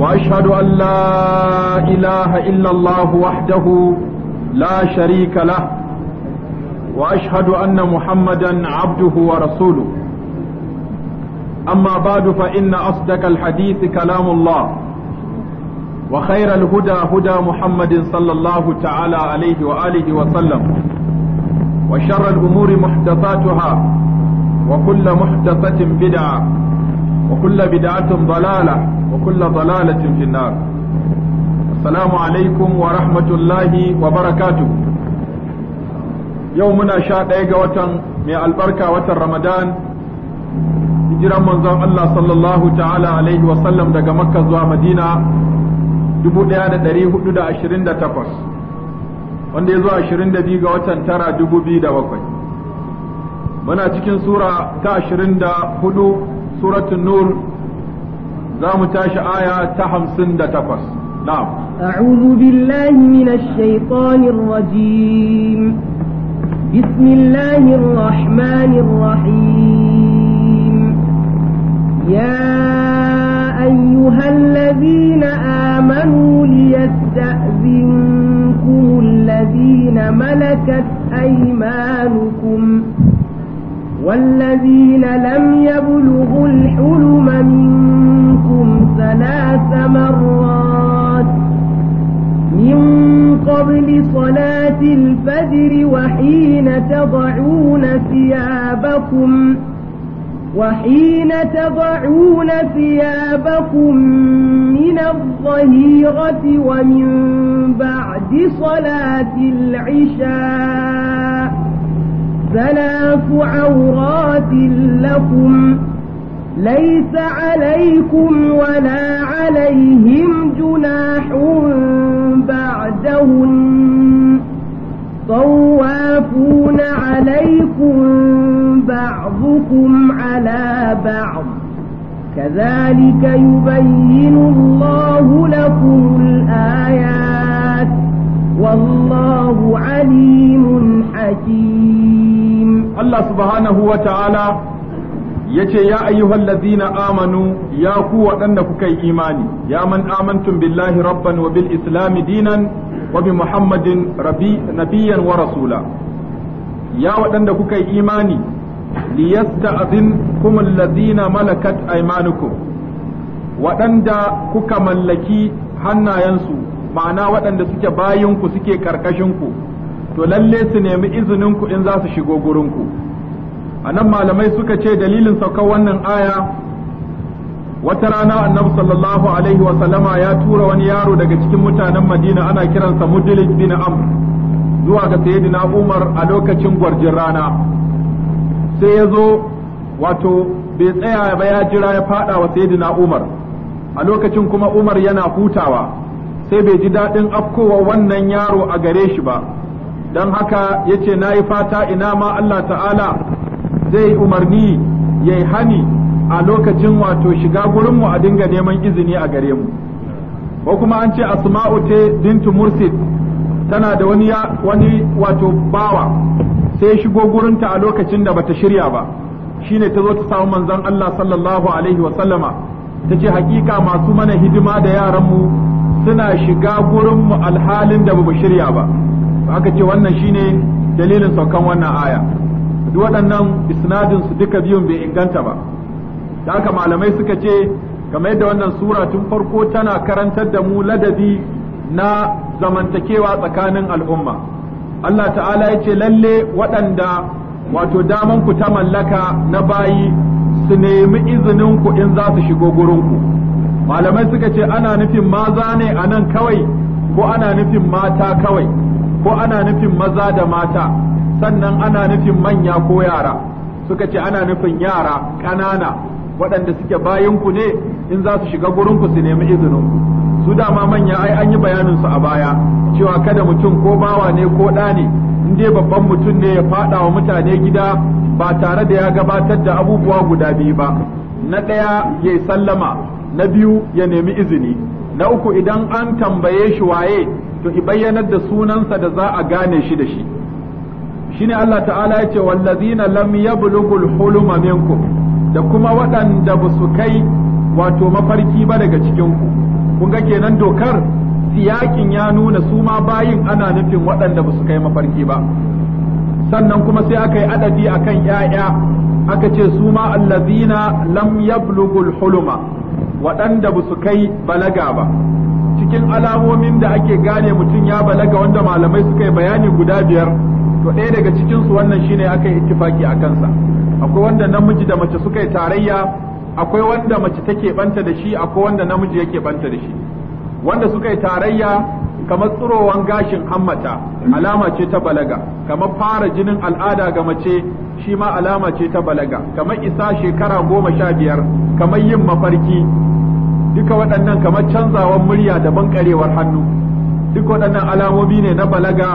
وأشهد أن لا إله إلا الله وحده لا شريك له وأشهد أن محمدا عبده ورسوله أما بعد فإن أصدق الحديث كلام الله وخير الهدى هدى محمد صلى الله تعالى عليه وآله وسلم وشر الأمور محدثاتها وكل محدثة بدعة وكل بدعة ضلالة وكل ضلالة في النار السلام عليكم ورحمة الله وبركاته يومنا شاد ايغا وطن من البركة وطن رمضان hijiran manzon Allah sallallahu ta'ala alaihi wasallam daga makka zuwa madina 1428 wanda ya zuwa biyu ga watan tara bakwai. muna cikin sura ta hudu suratun nur زام تاش آية تحم سند تفس نعم أعوذ بالله من الشيطان الرجيم بسم الله الرحمن الرحيم يا أيها الذين آمنوا ليستأذنكم الذين ملكت أيمانكم والذين لم يبلغوا الحلم منكم ثلاث مرات من قبل صلاة الفجر وحين تضعون ثيابكم وحين تضعون ثيابكم من الظهيرة ومن بعد صلاة العشاء ثلاث عورات لكم ليس عليكم ولا عليهم جناح بعدهن طوافون عليكم بعضكم على بعض كذلك يبين الله لكم الآيات والله عليم حكيم Allah subhanahu wa ta'ala ya ce ya ayyuhal ladzina amanu ya ku waɗanda kuka yi imani ya man amantun billahi rabban wa bil islami dinan wa bi muhammadin wa rasula ya waɗanda kuka yi imani liyasta'zin kumul ladzina malakat aymanukum waɗanda kuka mallaki hannayensu ma'ana waɗanda suke bayinku suke karkashinku ku to lalle su nemi izinin ku in za su shigo gurin ku anan malamai suka ce dalilin saukar wannan aya wata rana annabi sallallahu alaihi wa sallama ya tura wani yaro daga cikin mutanen madina ana kiransa mudlik bin amr zuwa ga sayyidina umar a lokacin gwarjin rana sai ya zo wato bai tsaya ba ya jira ya fada wa sayyidina umar a lokacin kuma umar yana hutawa sai bai ji daɗin afkowa wannan yaro a gare shi ba don haka yace ce na yi fata ina ma Allah ta'ala zai umarni ya yi hani a lokacin wato shiga gurinmu a dinga neman izini a gare mu ko kuma an ce asma'u te bintu mursid tana da wani wani wato bawa sai shigo gurinta a lokacin da bata shirya ba shine ta zo ta samu manzon Allah sallallahu alaihi wa sallama ta ce hakika masu mana hidima da yaranmu suna shiga gurinmu alhalin da bamu shirya ba aka ce wannan shine dalilin saukan wannan aya duk waɗannan isnadin su duka biyun bai inganta ba da haka malamai suka ce kamar yadda wannan sura tun farko tana karantar da mu ladabi na zamantakewa tsakanin al'umma Allah ta'ala ya ce lalle waɗanda wato daman ku ta mallaka na bayi su nemi izinin ku in za su shigo gurinku malamai suka ce ana nufin maza ne a nan kawai ko ana nufin mata kawai ko ana nufin maza da mata sannan ana nufin manya ko yara suka ce ana nufin yara ƙanana waɗanda suke bayanku ne in za su shiga gurinku su nemi izinin su dama manya ai an yi bayanin su a baya cewa kada mutum ko bawa ne ko ɗa ne in dai babban mutum ne ya faɗa wa mutane gida ba tare da ya gabatar da abubuwa guda biyu ba na ɗaya ya sallama na biyu ya nemi izini na uku idan an tambaye shi waye to i bayyanar da sunansa da za a gane shi da shi shine Allah ta'ala ya ce wallazina lam yablughul huluma minkum da kuma waɗanda ba su kai wato mafarki ba daga cikin ku kun ga kenan dokar siyakin ya nuna su ma bayin ana nufin waɗanda ba su kai mafarki ba sannan kuma sai aka yi adadi akan ‘ya'ya aka ce su ma allazina lam yablughul huluma waɗanda ba su kai balaga ba cikin alamomin da ake gane mutum ya balaga wanda malamai suka yi bayani guda biyar to ɗaya daga cikinsu su wannan shine aka yi ittifaki a kansa akwai wanda namiji da mace suka yi tarayya akwai wanda mace take banta da shi akwai wanda namiji yake banta da shi wanda suka yi tarayya kamar tsurowan gashin hammata alama ce ta balaga kamar fara jinin al'ada ga mace shi ma alama ce ta balaga kamar isa shekara goma sha biyar kamar yin mafarki duka waɗannan kamar canzawan murya da bankarewar hannu duk waɗannan alamomi ne na balaga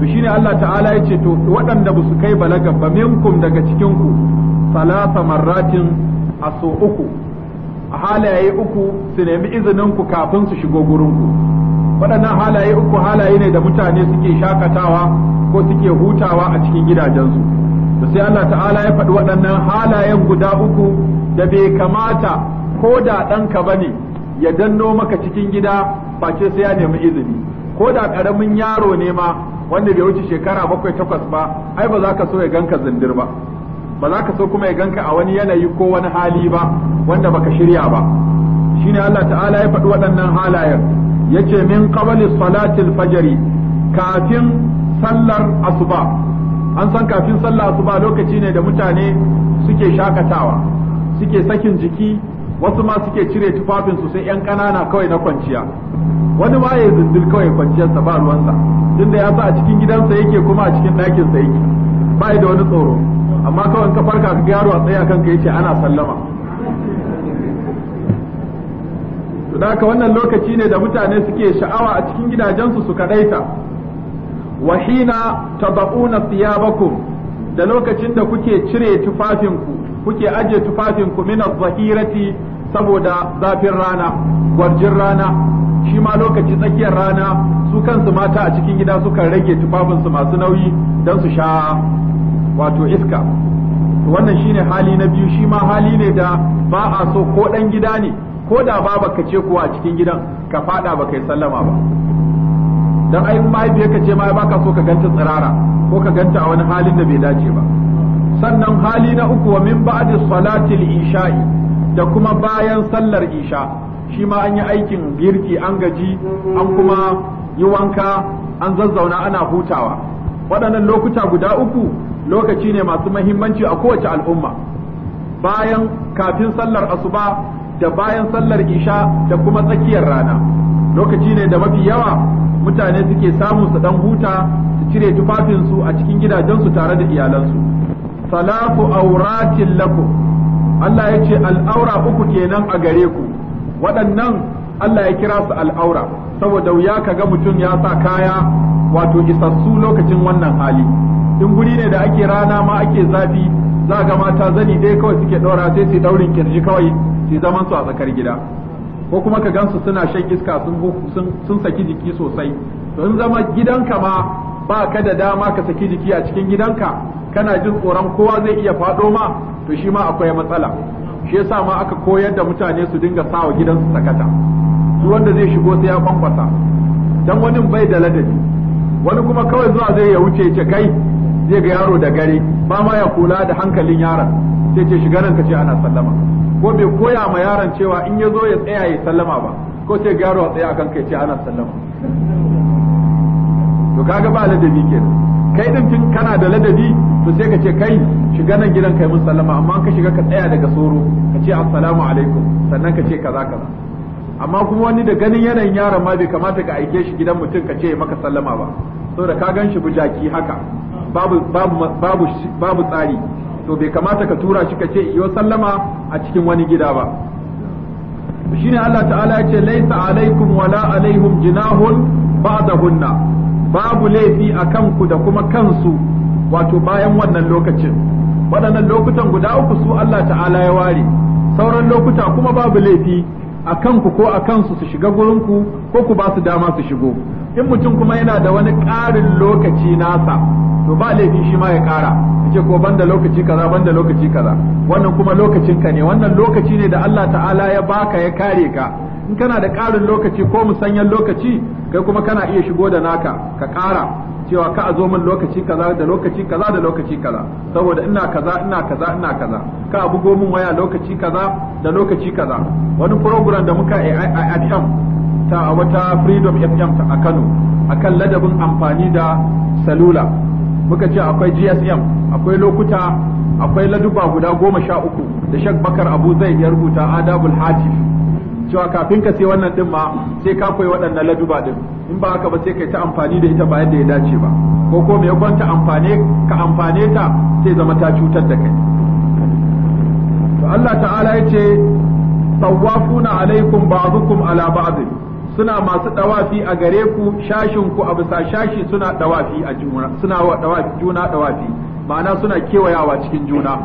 to shine Allah ta'ala ya ce to waɗanda ba su kai balaga ba minkum daga cikin ku salasa marratin a uku a halaye uku su nemi izinin ku kafin su shigo gurin ku waɗannan halaye uku halaye ne da mutane suke shakatawa ko suke hutawa a cikin gidajensu to sai Allah ta'ala ya faɗi waɗannan halayen guda uku da bai kamata ko da ɗanka ba ne ya danno maka cikin gida face sai ya nemi izini ko da ƙaramin yaro ne ma wanda bai wuce shekara bakwai takwas ba ai ba za ka so ya ganka zindir ba ba za ka so kuma ya ganka a wani yanayi ko wani hali ba wanda baka shirya ba shine Allah ta'ala ya faɗi waɗannan halayen yace min qabli salatil fajri kafin sallar asuba an san kafin sallar asuba lokaci ne da mutane suke shakatawa suke sakin jiki wasu ma suke cire tufafin su sai yan kanana kawai na kwanciya wani ma ya zindil kawai kwanciyarsa ba ruwansa tunda ya sa a cikin gidansa yake kuma a cikin ɗakinsa yake ba da wani tsoro amma kawai ka farka ka yaro a tsaye a yace ana sallama to da haka wannan lokaci ne da mutane suke sha'awa a cikin gidajensu su kadaita wahina tabaquna thiyabakum da lokacin da kuke cire tufafin ku kuke aje tufafin ku min zahirati saboda zafin rana gwarjin rana shi ma lokaci tsakiyar rana su kansu mata a cikin gida sukan rage tufafinsu masu nauyi don su sha wato iska wannan shine hali na biyu shi ma hali ne da ba a so ko dan gida ne ko da ba baka ce kuwa a cikin gidan ka fada baka yi sallama ba dan ai ka ce ma baka so ka ganta tsirara ko ka ganta a wani halin da bai dace ba sannan hali na uku wa min ba'di salatil isha'i da kuma bayan sallar isha shi ma an yi aikin girki an gaji an kuma yi wanka an zazzauna ana hutawa waɗannan lokuta guda uku lokaci ne masu mahimmanci a kowace al'umma bayan kafin sallar asuba da bayan sallar isha da kuma tsakiyar rana lokaci ne da mafi yawa mutane suke samun su dan huta su cire tufafinsu a cikin gidajensu tare da iyalansu salafu auratin lakum Allah ya ce al'aura uku kenan a gare ku waɗannan Allah ya kira su al'aura saboda wuya ka ga mutum ya sa kaya wato isassu lokacin wannan hali in guri ne da ake rana ma ake zafi za ga mata zani dai kawai suke ɗora sai su ɗaurin kirji kawai su zaman su a tsakar gida ko kuma ka gansu suna shan iska sun saki jiki sosai to in zama gidanka ma ba ka da dama ka saki jiki a cikin gidanka kana jin tsoron kowa zai iya faɗo ma to shi ma akwai matsala shi yasa ma aka koyar da mutane su dinga sawa gidansu sakata duk wanda zai shigo sai ya kwankwasa dan wani bai da ladabi wani kuma kawai zuwa zai ya wuce ce kai zai ga yaro da gare ba ma ya kula da hankalin yaron sai ce shiga ranka ce ana sallama ko bai koya ma yaron cewa in ya zo ya tsaya ya sallama ba ko sai ga yaro a tsaya akan kai ce ana sallama to kaga ba ladabi kenan kai din tun kana da ladabi to sai ka ce kai shiga nan gidan kai mun sallama amma ka shiga ka tsaya daga soro ka ce assalamu alaikum sannan ka ce kaza kaza amma kuma wani da ganin yanayin yaron ma bai kamata ka aike shi gidan mutum ka ce maka sallama ba saboda ka gan shi bujaki haka babu babu babu babu tsari to bai kamata ka tura shi ka ce yo sallama a cikin wani gida ba shine Allah ta'ala ya ce laisa alaikum wala alaihim jinahun ba'dahunna babu laifi a kanku da kuma kansu wato bayan wannan lokacin waɗannan lokutan guda uku su Allah ta'ala ya ware sauran lokuta kuma babu laifi a kanku ko a kansu su shiga gurinku ko ku ba su dama su shigo in mutum kuma yana da wani ƙarin lokaci nasa to ba laifi shi ma ya ƙara ce ko banda lokaci kaza banda lokaci kaza wannan kuma lokacin ka ne wannan lokaci ne da Allah ta'ala ya baka ya kare ka in kana da ƙarin lokaci ko musanyen lokaci kai kuma kana iya shigo da naka ka ƙara cewa ka a zo min lokaci kaza da lokaci kaza da lokaci kaza saboda ina kaza ina kaza ina kaza ka a bugo min waya lokaci kaza da lokaci kaza wani program da muka yi a FM ta wata Freedom FM ta a Kano akan ladabin amfani da salula muka ce akwai GSM akwai lokuta akwai laduba guda goma sha uku da Sheikh Bakar Abu Zaid ya rubuta Adabul Hatif cewa kafin ka sai wannan din ma sai ka koyi waɗannan laduba din in ba haka ba sai kai ta amfani da ita ba yadda ya dace ba ko ko me kwanta amfane ka amfane ta sai zama ta cutar da kai to Allah ta'ala yace tawafuna alaikum ba'dukum ala ba'd suna masu dawafi a gare ku shashin ku a bisa shashi suna dawafi a juna suna wa dawafi juna dawafi ma'ana suna kewayawa cikin juna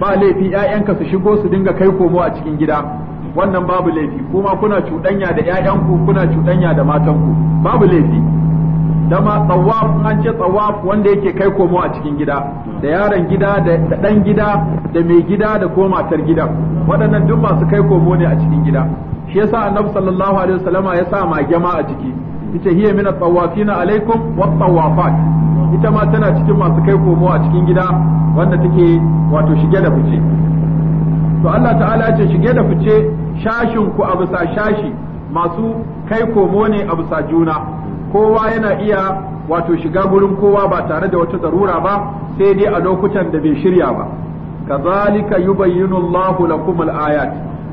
ba laifi ƴaƴanka su shigo su dinga kai komo a cikin gida wannan babu laifi kuma kuna cuɗanya da ƴaƴanku kuna cuɗanya da matanku babu laifi dama tsawaf an ce tsawaf wanda yake kai komo a cikin gida da yaron gida da ɗan gida da mai gida da ko matar gida waɗannan duk masu kai komo ne a cikin gida shi yasa annabi sallallahu alaihi wasallama ya sa magema a ciki ita hiya min at-tawafina alaikum wa tawafat ita ma tana cikin masu kai komo a cikin gida wanda take wato shige da fice to Allah ta'ala ya ce shige da fice shashin ku a bisa shashi masu kai komo ne a bisa juna kowa yana iya wato shiga gurin kowa ba tare da wata zarura ba sai dai a lokutan da bai shirya ba kazalika yubayyinu Allahu lakum al-ayat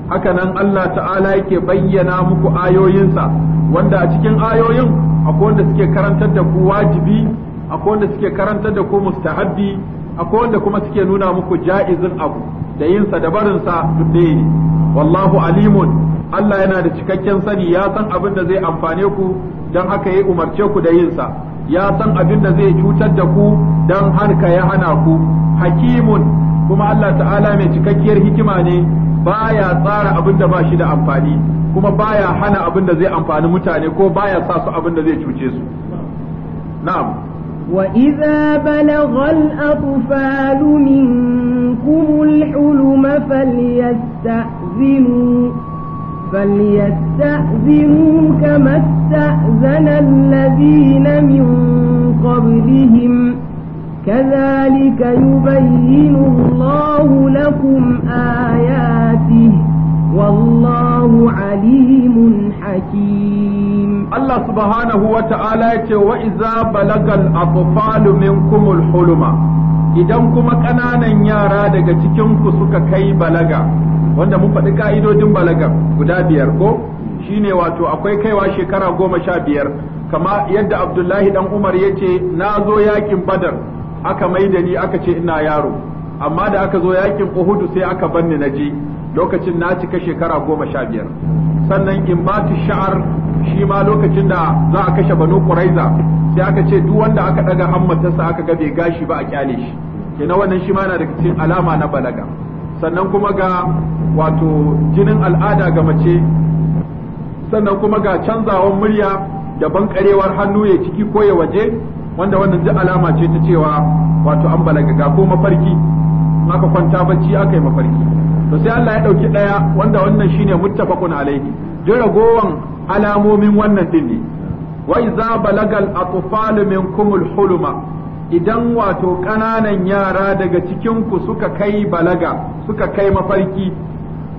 hakanan Allah ta'ala yake bayyana muku ayoyinsa wanda a cikin ayoyin akwai wanda suke karantar da ku wajibi akwai wanda suke karantar da ku mustahabbi akwai wanda kuma suke nuna muku ja'izin abu da yin sa da barin sa duk ne wallahu alimun Allah yana da cikakken sani ya san abin da zai amfane ku dan haka ya umarce ku da yin sa ya san abin da zai cutar da ku dan harka ya hana ku hakimun kuma Allah ta'ala mai cikakkiyar hikima ne baya tsara abin da ba shi da amfani kuma baya hana abin da zai amfani mutane ko baya sa su abin da zai cuce su na'am وإذا بلغ الأطفال منكم الحلم فليستأذنوا فليستأذنوا كما استأذن الذين من قبلهم كذلك يبين الله لكم آياته والله عليم حكيم Allah subhanahu wa ta'ala ya ce wa iza balagal atfalu minkumul huluma idan kuma ƙananan yara daga cikin ku suka kai balaga wanda mun faɗi ka'idodin balaga guda biyar ko shine wato akwai kaiwa shekara goma sha biyar kama yadda Abdullahi dan Umar ya ce na zo yakin Badar aka maida ni aka ce ina yaro amma da aka zo yakin uhudu sai aka banni na je lokacin na cika shekara goma sha biyar sannan imbatu sha'ar shi ma lokacin da za a kashe banu quraiza sai aka ce duk wanda aka daga hammatarsa aka ga bai gashi ba a kyale shi kenan wannan shi ma yana daga cikin alama na balaga sannan kuma ga wato jinin al'ada ga mace sannan kuma ga canzawan murya da bankarewar hannu ya ciki ko ya waje wanda wannan duk alama ce ta cewa wato an balaga ga ko mafarki aka kwanta bacci aka yi mafarki to sai Allah ya dauki daya wanda wannan shine muttafaqun alaihi duk ragowan alamomin wannan din ne wa iza balagal atfal minkumul huluma idan wato kananan yara daga cikin ku suka kai balaga suka kai mafarki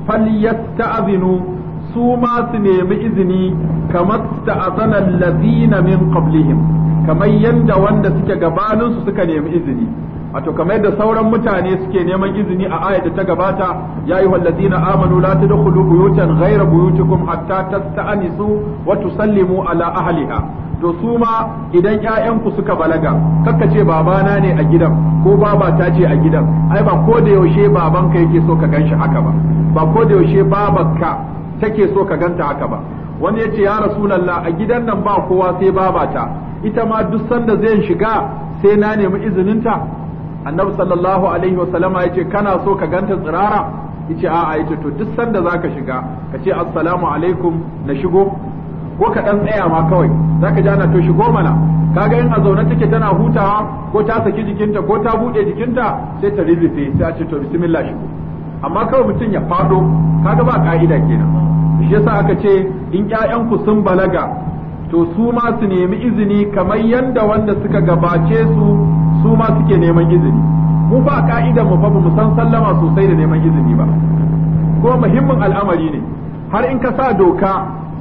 falyasta'zinu su ma su nemi izini kamar ta'azana lazina min qablihim kamar yadda wanda suke gabanin su suka nemi izini wato kamar yadda sauran mutane suke neman izini a ayat da ta gabata ya yi wallazina amanu la tadkhulu buyutan ghayra buyutikum hatta tasta'nisu wa tusallimu ala ahliha to su ma idan ƴaƴanku suka balaga kakka ce babana ne a gidan ko baba ta ce a gidan ai ba ko da yaushe babanka yake so ka ganshi haka ba ba ko da yaushe babanka take so ka ganta haka ba wani ya ce ya rasulallah a gidan nan ba kowa sai babata ita ma duk sanda zai shiga sai na nemi izininta annabi sallallahu alaihi wasallama ya ce kana so ka ganta tsirara yace a yace to duk sanda zaka shiga ka ce assalamu alaikum na shigo ko ka dan tsaya ma kawai zaka ji ana to shigo mana kaga in a zaune take tana hutawa ko ta saki jikinta ko ta bude jikinta sai ta rubuce sai a ce to bismillah shigo amma kawai mutum ya fado kaga ba ka'ida kenan shi yasa aka ce in ƴaƴanku sun balaga to su ma su nemi izini kamar yanda wanda suka gabace su su ma suke neman izini mu ba ka'ida mu fa mu san sallama sosai da neman izini ba ko muhimmin al'amari ne har in ka sa doka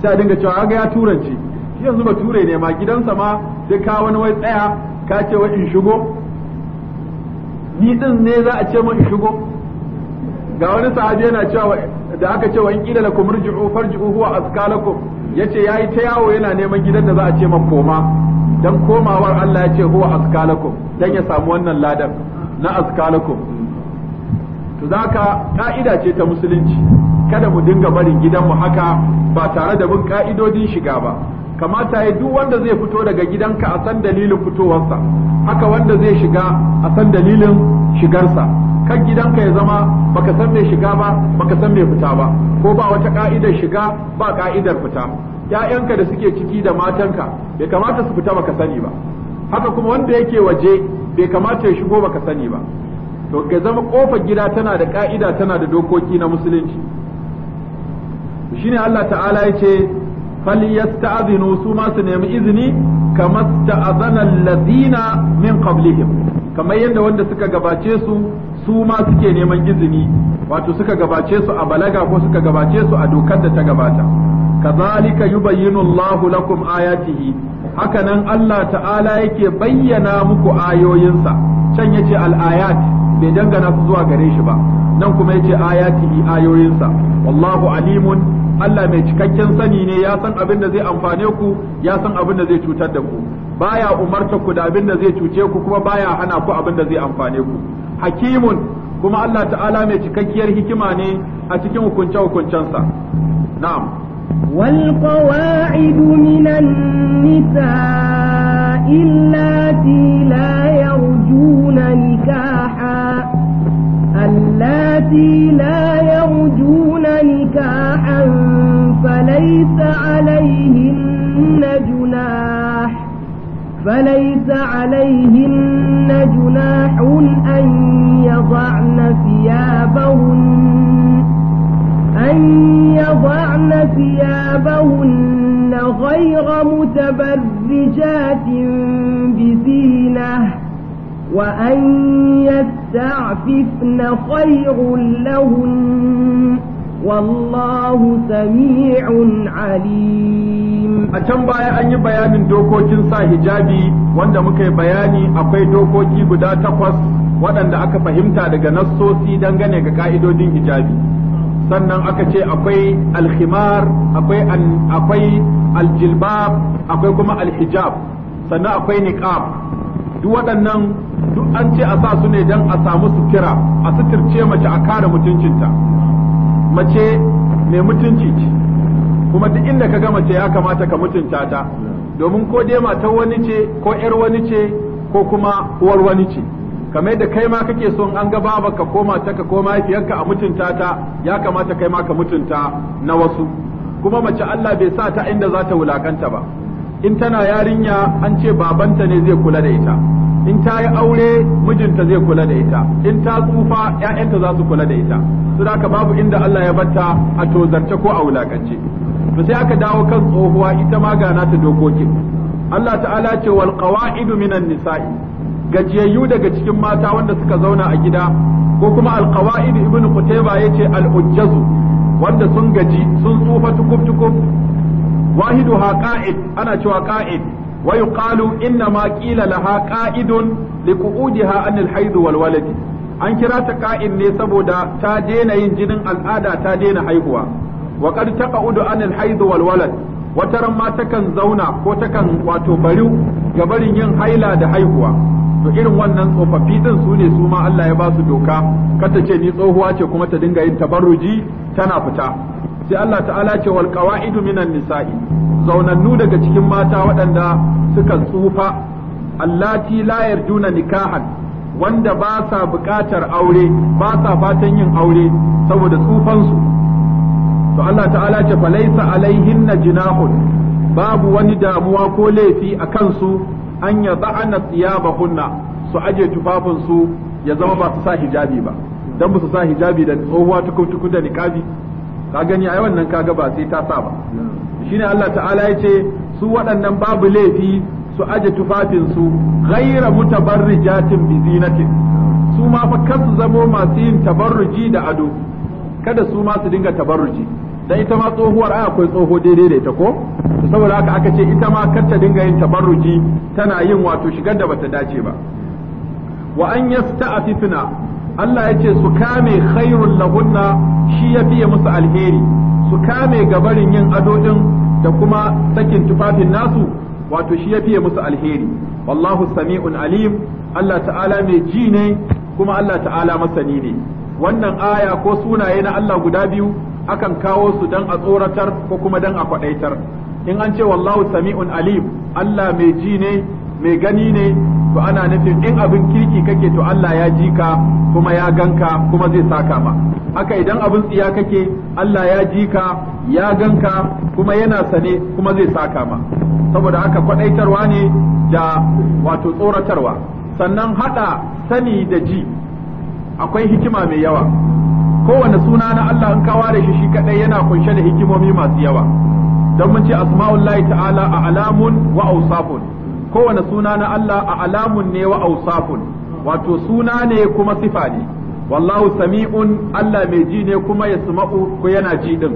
sai a dinga cewa ga ya turanci shi yanzu ba ture ne ma gidansa ma sai ka wani wai tsaya ka ce wai in shigo ni din ne za a ce min in shigo ga wani sahabi yana cewa da aka ce in kila lakum rujuu farjuu huwa azka yace yayi ta yawo yana neman gidan da za a ce man koma dan komawar Allah ya ce huwa azka lakum dan ya samu wannan ladan na azka lakum to zaka ka'ida ce ta musulunci kada mu dinga barin gidan mu haka ba tare da bin ka'idodin shiga ba kamata ya duk wanda zai fito daga gidanka a san dalilin fitowarsa haka wanda zai shiga a san dalilin shigarsa kan gidanka ya zama baka san mai shiga ba baka san mai fita ba ko ba wata ka'idar shiga ba ka'idar fita ƴaƴanka da suke ciki da matanka bai kamata su fita baka sani ba haka kuma wanda yake waje bai kamata ya shigo baka sani ba to ga zama kofar gida tana da ka'ida tana da dokoki na musulunci shine Allah ta'ala ya ce falyasta'zinu su ma su nemi izini kamar ta'azana alladhina min qablihim kamar yadda wanda suka gabace su su ma suke neman izini wato suka gabace su a balaga ko suka gabace su a dokar da ta gabata kazalika yubayyinu Allahu lakum ayatihi hakanan Allah ta'ala yake bayyana muku ayoyinsa can yace al-ayat bai dangana su zuwa gare shi ba nan kuma yace ayatihi ayoyinsa wallahu alimun Allah mai cikakken sani ne ya san abin da zai amfane ku ya san abin da zai cutar da ku baya umarta ku da abin da zai cuce ku kuma baya hana ku abin da zai amfane ku hakimun kuma Allah ta'ala mai cikakkiyar hikima ne a cikin hukunce hukuncensa na'am والقواعد من النساء اللاتي لا يرجون نكاحا اللاتي لا يرجون نكاحا فليس عليهن جناح فليس عليهن جناح أن يضعن ثيابهن أن يضعن ثيابهن غير متبرجات بزينة وأن يستعففن خير لهن والله سميع عليم a can baya an yi bayanin dokokin sa hijabi wanda muka yi bayani akwai dokoki guda takwas waɗanda aka fahimta daga nassosi dangane ga ka'idodin hijabi sannan aka ce akwai alkhimar akwai akwai aljilbab akwai kuma alhijab sannan akwai niqab duk waɗannan duk an ce a sa su ne don a samu sutura a suturce mace a kare mutuncinta mace mai mutunci ce kuma duk inda ka ga mace ya kamata ka mutunta ta domin ko dai matar wani ce ko 'yar wani ce ko kuma uwar wani ce kamar da kai ma kake son an ga ka ko matarka ko mahaifiyarka a mutunta ta ya kamata kai ma ka mutunta na wasu kuma mace Allah bai sa ta inda za ta wulakanta ba in tana yarinya an ce babanta ne zai kula da ita in ta yi aure mijinta zai kula da ita in ta tsufa ‘ya'yanta za su kula da ita su da babu inda Allah ya batta a tozarce ko a wulakance to sai aka dawo kan tsohuwa ita ma ga ta dokokin Allah ta'ala ce wal qawaidu minan nisa'i gajiyayyu daga cikin mata wanda suka zauna a gida ko kuma alqawaid ibn qutayba yace al-ujjazu wanda sun gaji sun tsufa tukub tukub wahiduha qa'id ana cewa qa'id wa yuqalu inna ma qila laha qa'idun liqu'udiha an al-hayd wal walad an kira ta qa'id ne saboda ta daina yin jinin al'ada ta daina haihuwa wa qad taqa'udu an al-hayd wal walad wata ran ma takan zauna ko takan wato bariw ga barin yin haila da haihuwa to irin wannan tsofaffi din su ne su ma Allah ya ba su doka kata ce ni tsohuwa ce kuma ta dinga yin tabarruji tana fita sai Allah ta'ala ce wal qawaidu minan nisa'i zaunannu daga cikin mata waɗanda suka tsufa allati la yarjuna nikahan wanda ba sa buƙatar aure ba sa fatan yin aure saboda tsufansu to Allah ta'ala ce falaisa na jinahun babu wani damuwa ko laifi a kansu an ya ba'ana bahunna su aje tufafinsu ya zama ba su sa hijabi ba dan ba su sa hijabi da tsohuwa tukutuku da niqabi ka gani ai wannan kaga ba sai ta sa ba shine Allah ta'ala ya ce su waɗannan babu laifi su aje tufafinsu ghaira mutabarrijatin zinatin su ma fa su zamo masu yin tabarruji da ado kada su ma su dinga tabarruci dan ita ma tsohuwar ai akwai tsoho daidai da ta ko saboda haka aka ce ita ma kar ta dinga yin tabarruji tana yin wato shigar da bata dace ba wa an yasta'afifna Allah ya ce su kame khairul lahunna shi ya fiye musu alheri su kame gabarin yin adodin da kuma sakin tufafin nasu wato shi ya fiye musu alheri wallahu sami'un alim Allah ta'ala mai ji ne kuma Allah ta'ala masani ne wannan aya ko sunaye na Allah guda biyu akan kawo su dan a tsoratar ko kuma dan a kwadaitar in an ce wallahu sami'un alim Allah mai ji ne mai gani ne to ana nufin in abin kirki kake to Allah ya ji ka kuma ya ganka kuma zai saka ma haka idan abin tsiya kake Allah ya ji ka ya ganka kuma yana sane kuma zai saka ma saboda haka kwadaitarwa ne da wato tsoratarwa sannan hada sani da ji akwai hikima mai yawa kowane suna na Allah in kawo da shi shi kadai yana kunshe da hikimomi masu yawa Don mun ce asma'ullahi ta'ala a alamun wa awsafun kowane suna na Allah a alamun ne wa awsafun wato suna ne kuma sifa ne wallahu sami'un Allah mai ji ne kuma ya suma'u ko yana ji din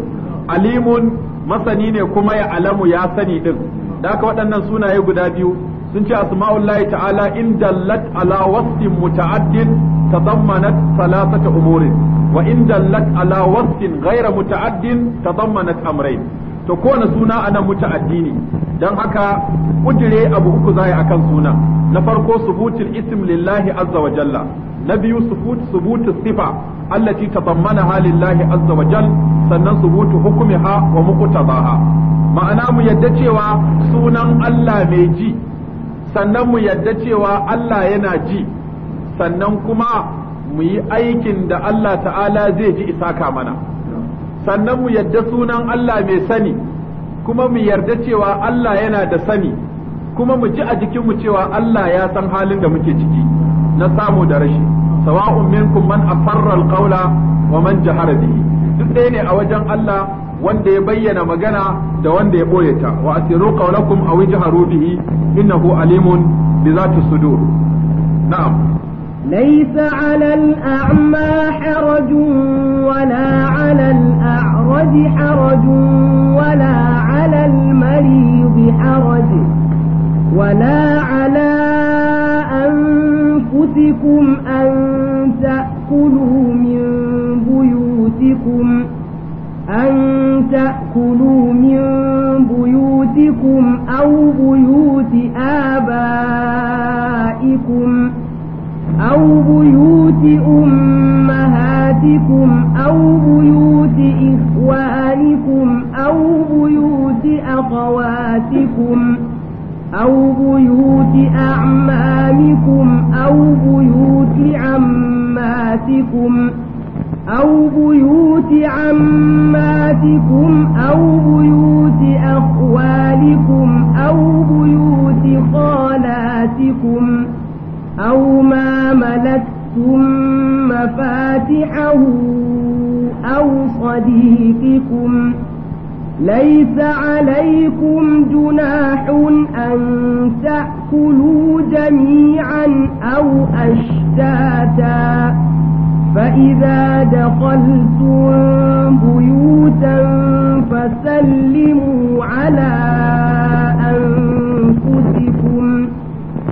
alimun masani ne kuma ya alamu ya sani din da waɗannan sunaye guda biyu sun ce asma'ullahi ta'ala in dallat ala wasfin muta'addin tadammanat salasata umurin wa in dallat ala wasfin ghaira muta'addin tadammanat amrayn to kowane suna anan muta'addi ne dan haka kujire abu uku zai akan suna na farko subutul ism lillahi azza wa jalla na biyu subut subutu sifa allati tadammanaha lillahi azza wa jal sannan subutu ha wa muqtadaha ma'ana mu yadda cewa sunan Allah mai ji sannan mu yadda cewa Allah yana ji sannan kuma mu yi aikin da Allah ta'ala zai ji isaka mana sannan mu yadda sunan Allah mai sani kuma mu yarda cewa Allah yana da sani kuma mu ji a jikinmu cewa Allah ya san halin da muke ciki na samu da rashi sawa'un minkum man afarra alqawla wa man jahara bihi duk ɗaya ne a wajen Allah wanda ya bayyana magana da wanda ya ɓoye ta wa asiru qawlakum aw ijharu bihi innahu alimun bi zati sudur na'am ليس على الأعمى حرج ولا على الأعرج حرج ولا على المريض حرج ولا على أنفسكم أن تأكلوا من بيوتكم أن تأكلوا من بيوتكم أو بيوت آبائكم أو بيوت أمهاتكم أو بيوت إخوانكم أو بيوت أخواتكم أو بيوت أعمامكم أو بيوت عماتكم أو بيوت عماتكم أو بيوت أخوالكم أو بيوت خالاتكم أو ما ملكتم مفاتحه أو صديقكم ليس عليكم جناح أن تأكلوا جميعا أو أشتاتا فإذا دخلتم بيوتا فسلموا على أنفسكم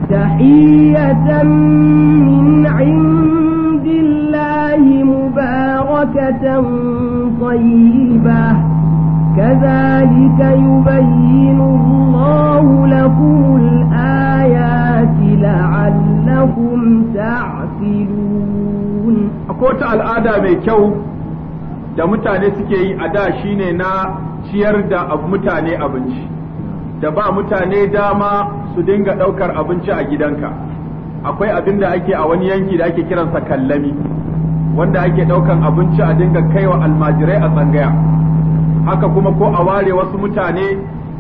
تحية من عند الله مباركة طيبة كذلك يبين الله لكم الآيات لعلكم تعقلون ko ta al'ada mai kyau da mutane suke yi a da shi ne na ciyar da mutane abinci da ba mutane dama su dinga ɗaukar abinci a gidanka akwai abin da ake a wani yanki da ake kiransa kallami wanda ake ɗaukar abinci a dinga kaiwa almajirai a tsangaya haka kuma ko a ware wasu mutane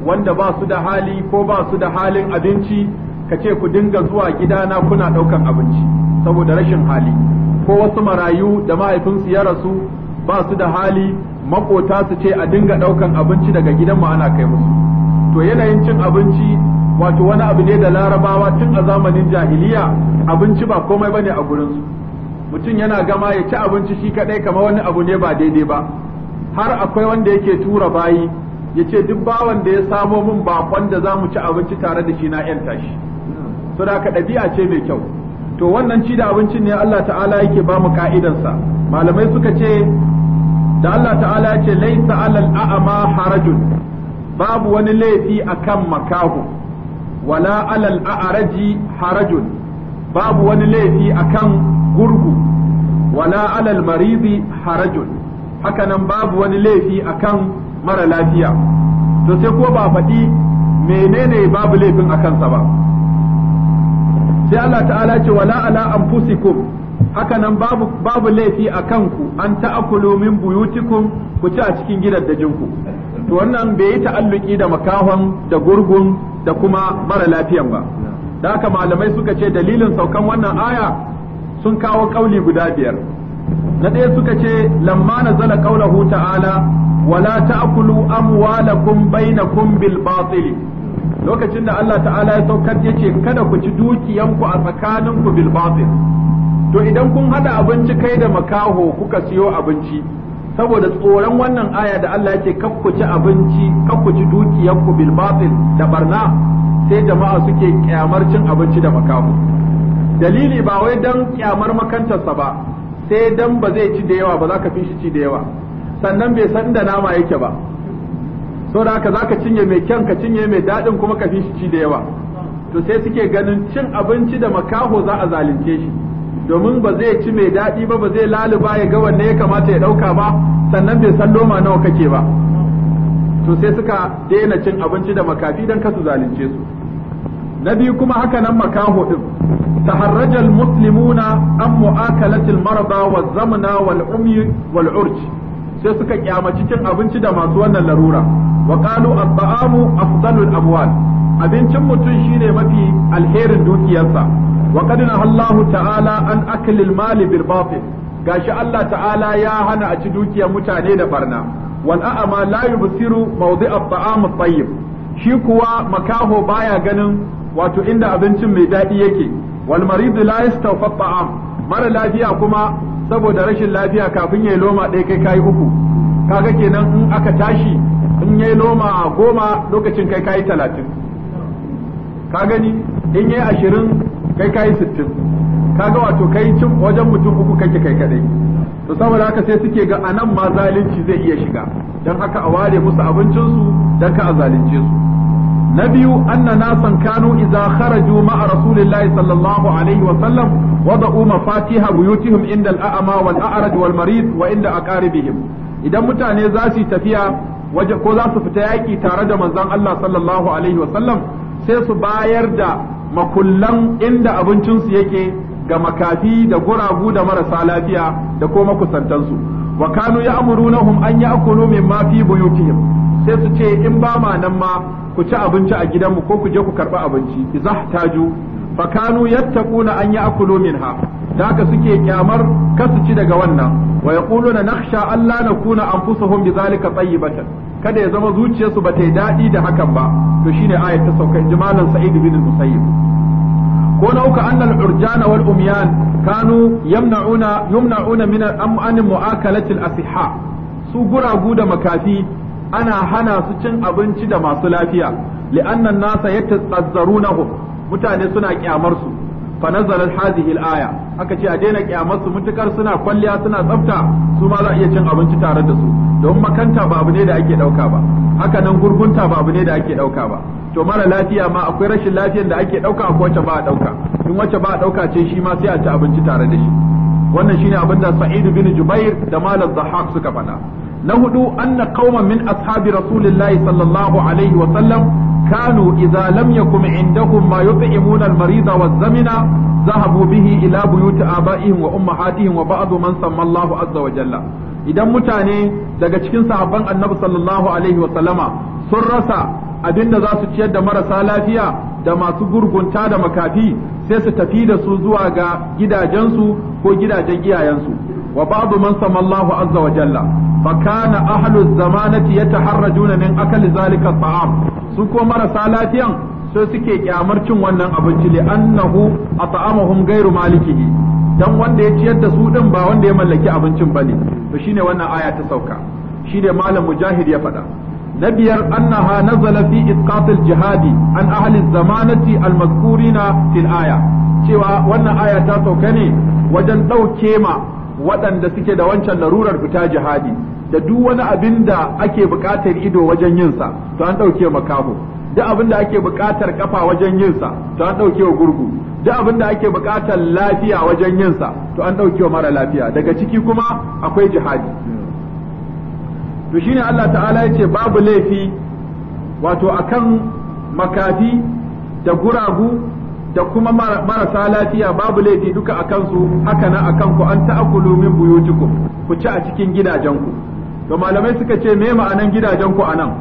wanda ba su da hali ko ba su da halin abinci ka ce ku dinga zuwa gidana kuna ɗaukan abinci saboda rashin hali ko wasu marayu da mahaifinsu ya rasu ba su da hali makota su ce a dinga ɗaukan abinci daga gidan mu ana kai musu to yanayin cin abinci wato wani abu ne da larabawa tun a zamanin jahiliya abinci ba komai bane a gurinsu mutum yana gama ya ci abinci shi kaɗai kamar wani abu ne ba daidai ba har akwai wanda yake tura bayi ya ce duk bawan da ya samo min bakon da za mu ci abinci tare da shi na 'yan tashi. Suna ka ɗabi'a ce mai kyau. to wannan ci da abincin ne Allah ta'ala yake ba mu ka'idansa, malamai suka ce da Allah ta'ala ya ce laisa alal a'ama harajun babu wani laifi akan makaho wala alal a'raji harajun babu wani laifi akan gurgu wala alal maridi harajun hakanan babu wani laifi akan mara lafiya to sai ko ba faɗi menene babu laifin akansa ba sai Allah ta'ala ce wala ala anfusikum haka nan babu babu laifi a kanku an ta'akulu min buyutikum ku ci a cikin gidan ku. to wannan bai yi ta'alluki da makahon da gurgun da kuma mara lafiyan ba da haka malamai suka ce dalilin saukan wannan aya sun kawo kauli guda biyar na ɗaya suka ce lamma nazala qaulahu ta'ala wala ta'kulu amwalakum bainakum bil batili lokacin da Allah ta'ala ya saukar ya ce kada ku ci dukiyanku a tsakaninku bil batil to idan kun hada abinci kai da makaho kuka siyo abinci saboda tsoron wannan aya da Allah ya ce kar ku ci abinci kar ku ci dukiyanku bil batil da barna sai jama'a suke kyamar cin abinci da makaho dalili ba wai dan kyamar makantarsa ba sai dan ba zai ci da yawa ba za ka fi shi ci da yawa sannan bai san da nama yake ba da haka zaka cinye mai kyan ka cinye mai dadin kuma ka fi shi ci da yawa to sai suke ganin cin abinci da makaho za a zalunce shi domin ba zai ci mai daɗi ba ba zai laluba ya ga wanne ya kamata ya ɗauka ba sannan bai san loma nawa kake ba to sai suka daina cin abinci da makafi don kasu zalunce su na biyu kuma haka nan makaho din taharraja muslimuna an mu'akalatil marada wa zamna wal sai suka kyamaci cin abinci da masu wannan larura wa qalu at-ta'amu afdalul amwal abincin mutum shine mafi alherin dukiyarsa wa qad Allahu ta'ala an aklil mali bil batil gashi Allah ta'ala ya hana a ci dukiyar mutane da barna wal a'ama la yubsiru mawdi'a at-ta'am at-tayyib shi kuwa makaho baya ganin wato inda abincin mai dadi yake wal maridu la yastawfa at-ta'am mara lafiya kuma saboda rashin lafiya kafin yayi loma ɗaya kai kayi uku kaga kenan in aka tashi in yayi loma goma lokacin kai kayi talatin ka gani in yayi ashirin kai kayi sittin kaga wato kai cin wajen mutum uku kake kai kadai to saboda haka sai suke ga anan ma zalunci zai iya shiga dan haka a ware musu abincinsu dan ka a zalunce su na biyu anna nasan kanu idza kharaju ma'a rasulillahi sallallahu alaihi wa sallam wada'u mafatiha buyutihim inda al'ama wal a'raj wal marid wa inda aqaribihim idan mutane za su tafiya waje ko za su fita yaki tare da manzon Allah sallallahu alaihi wa sallam sai su bayar da makullan inda abincinsu yake ga makafi da guragu da marasa lafiya da kuma kusantansu wa kanu amurunahum an min ma fi buyutihim sai su ce in ba ma nan ma ku ci abinci a gidanmu ko ku je ku karɓi abinci iza taju fa kanu yattaquna an ya'kulu minha da haka suke kyamar kasu ci daga wannan wa yaquluna nakhsha alla nakuna anfusuhum bidhalika tayyibatan kada ya zama zuciyarsu ba ta yi daɗi da hakan ba to shine ayat ta sauka in ji malam sa'id bin musayyib ko na annar annal urjana wal umyan kanu yamna'una yumna'una min an mu'akalati al asiha su guragu da makafi ana hana su cin abinci da masu lafiya li'anna an na yatazarunahu mutane suna kyamar fa nazalat hadhihi al-aya aka ce a daina kyamar masu mutukar suna kwalliya suna tsafta su ma za a iya cin abinci tare da su don makanta ba abu ne da ake dauka ba haka nan gurgunta ba abu ne da ake dauka ba to mara lafiya ma akwai rashin lafiyar da ake dauka ko wacce ba a dauka in wacce ba a dauka ce shi ma sai a ci abinci tare da shi wannan shine abin da Sa'id bin Jubair da Malam Zahaq suka faɗa na hudu anna qauman min ashabi rasulillahi sallallahu alaihi wa sallam كانوا إذا لم يكن عندهم ما يطعمون المريض والزمن ذهبوا به إلى بيوت آبائهم وأمهاتهم وبعض من سمى الله عز وجل idan mutane daga cikin sahabban annabi sallallahu alaihi wa sallama sun rasa abinda za su ciyar da marasa lafiya da masu gurgunta da makafi sai su tafi da su zuwa ga gidajensu ko gidajen iyayensu wa ba'du man samallahu azza wa jalla fa kana ahlu zamanati yataharrajuna min akali zalika ta'am su ko marasa lafiyan so suke kyamar cin wannan abinci li annahu at'amahum ghairu malikihi dan wanda ya ciyar da su din ba wanda ya mallaki abincin bane to shine wannan aya ta sauka shine malam mujahid ya faɗa na biyar annaha nazala fi isqatil jihadi an ahli zamanati mazkurina fil aya cewa wannan aya ta sauka ne wajen ɗauke ma waɗanda suke da wancan larurar fita jihadi da duk wani abin da ake buƙatar ido wajen yin to an ɗauke makaho duk abin da ake buƙatar kafa wajen yinsa, sa to an ɗauke wa gurgu duk abin da ake buƙatar lafiya wajen yinsa, sa to an ɗauke wa mara lafiya daga ciki kuma akwai jihadi to shine Allah ta'ala ya ce babu laifi wato akan makafi da guragu da kuma marasa lafiya babu laifi duka akan su haka nan akan ku an ta'akulu min buyutikum ku ci a cikin gidajenku to malamai suka ce me ma'anan gidajen ku anan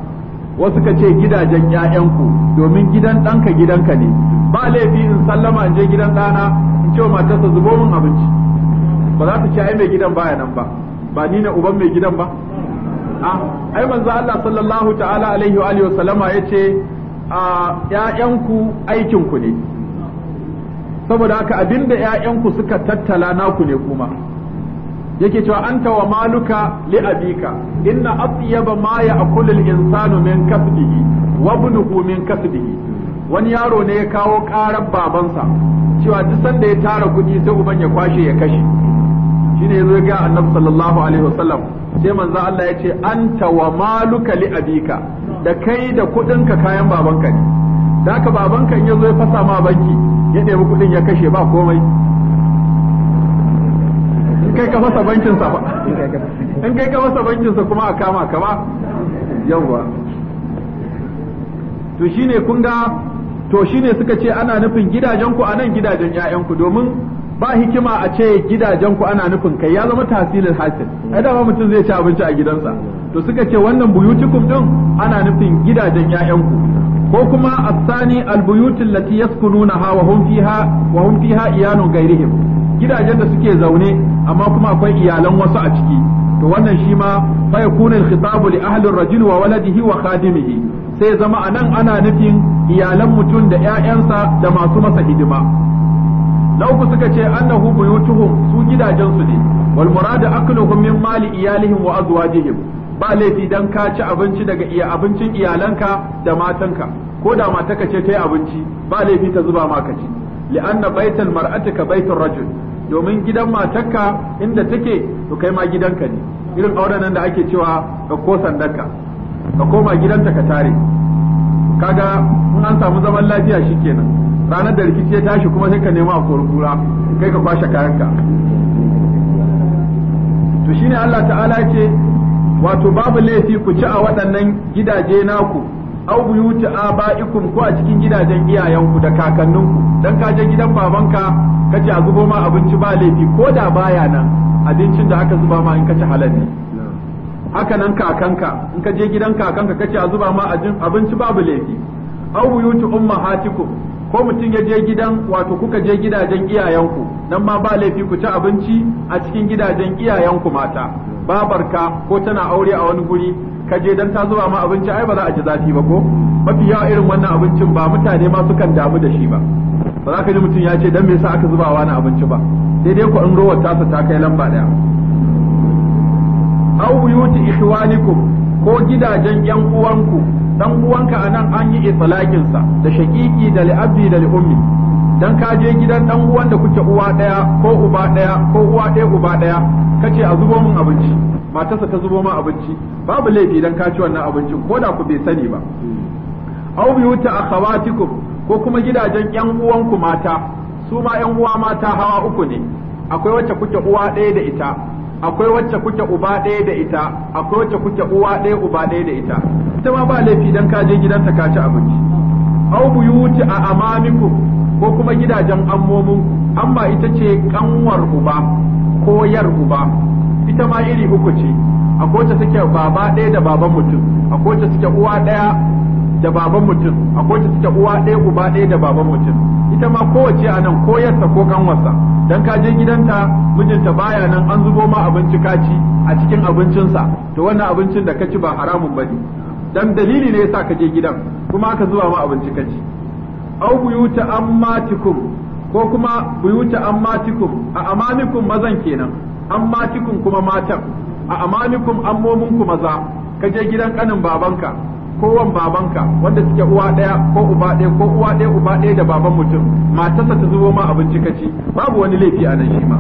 wasu suka ce gidajen ƴaƴanku domin gidan ɗanka gidanka ne ba laifi in sallama in je gidan ɗana in ce matarsa zubo min abinci ba za ta ce ai mai gidan baya nan ba ba ni ne uban mai gidan ba a ai manzo Allah sallallahu ta'ala alaihi wa alihi wasallama yace a ƴaƴanku aikinku ne saboda haka abinda ƴaƴanku suka tattala naku ne kuma yake cewa anta wa maluka li abika inna atyaba ma ya'kulu al-insanu min kasbihi wa ibnuhu min kasbihi wani yaro ne ya kawo karar babansa cewa duk sanda ya tara kuɗi sai uban ya kwashe ya kashe shine yazo ga annabi sallallahu alaihi wasallam sai manzo Allah ya ce anta wa maluka li abika da kai da kuɗinka kayan babanka ne da haka babanka in yazo ya fasa ma banki ya ɗebi kuɗin ya kashe ba komai ka bankin sa in kai ka fasa bankin kuma a kama ka ba yawwa to shine kun ga to shine suka ce ana nufin gidajen ku anan gidajen ƴaƴan ku domin ba hikima a ce gidajen ku ana nufin kai ya zama tahsilul hasil ai da mutum zai ci abinci a gidansa to suka ce wannan buyutukum din ana nufin gidajen ƴaƴan ku ko kuma asani albuyutin lati yaskununa ha wa hum fiha wa hum fiha iyanu gairihim gidajen da suke zaune amma kuma akwai iyalan wasu a ciki to wannan shi ma fa yakuna al-khitabu li ahli ar-rajul wa waladihi wa khadimihi sai zama anan ana nufin iyalan mutum da ƴaƴansa da masu masa hidima na uku suka ce annahu buyutuhum su gidajen su ne wal muradu akluhum min mali iyalihim wa azwajihim ba laifi dan ka ci abinci daga iya abincin iyalanka da matanka ko da ka ce ta abinci ba laifi ta zuba maka ci li'anna baitul mar'ati ka baitul rajul domin gidan matarka inda take to kai ma gidanka ne irin auren nan da ake cewa ka ko sandarka ka koma gidanta ka tare kaga in an samu zaman lafiya shi kenan ranar da rikici ya tashi kuma sai ka nema a kura kai ka kwashe kayanka to shine Allah ta'ala ce wato babu laifi ku ci a waɗannan gidaje naku aw buyuti abaikum ko a cikin gidajen iyayenku da kakanninku dan ka je gidan babanka kace a zubo ma abinci ba laifi ko da baya nan abincin da aka zuba ma in kace halal ne haka nan kakanka in ka je gidan kakanka kace a zuba ma abinci babu laifi aw buyuti ummahatikum ko mutum ya je gidan wato kuka je gidajen iyayenku nan ma ba laifi ku ci abinci a cikin gidajen iyayenku mata babarka ko tana aure a wani guri ka je dan ta zuba ma abinci ai ba za a ji zafi ba ko mafi yawa irin wannan abincin ba mutane ma sukan damu da shi ba ba za ka ji mutum ya ce dan me yasa aka zuba wa na abinci ba sai dai ku in rowar tasa ta kai lamba daya aw yuti ihwanikum ko gidajen yan uwanku dan uwanka anan an yi itlaqin sa da shaqiqi da li'abdi da li'ummi dan ka je gidan dan uwan da kuke uwa daya ko uba daya ko uwa daya uba daya kace a zubo mun abinci matarsa ta zubo ma abinci babu laifi dan ka ci wannan abincin ko da ku bai sani ba aw wuta akhawatikum ko kuma gidajen yan uwanku mata su ma yan uwa mata hawa uku ne akwai wacce kuke uwa ɗaya da ita akwai wacce kuke uba ɗaya da ita akwai wacce kuke uwa ɗaya uba ɗaya da ita ita ma ba laifi dan ka je gidanta ka ci abinci aw buyuti a amamikum ko kuma gidajen ammomin amma ita ce kanwar uba ko yar uba ita ma iri uku ce akwai wacce take baba ɗaya da baban mutum akwai wacce take uwa ɗaya da baban mutum akwai wacce take uwa ɗaya uba ɗaya da baban mutum ita ma kowace a nan ko ko kanwarsa dan ka je gidanta mijinta baya nan an zubo ma abinci kaci a cikin abincinsa to wannan abincin da ka ci ba haramun bane dan dalili ne yasa ka je gidan kuma aka zuba ma abinci ka ci buyuta ammatikum ko kuma buyuta ammatikum a amanikum mazan kenan ammatikum kuma matan a amanikum ammomin ku maza ka je gidan kanin babanka kowan babanka wanda suke uwa ɗaya ko uba ɗaya ko uwa ɗaya uba ɗaya da baban mutum matarsa ta zubo ma abinci ka ci babu wani laifi a nan shi ma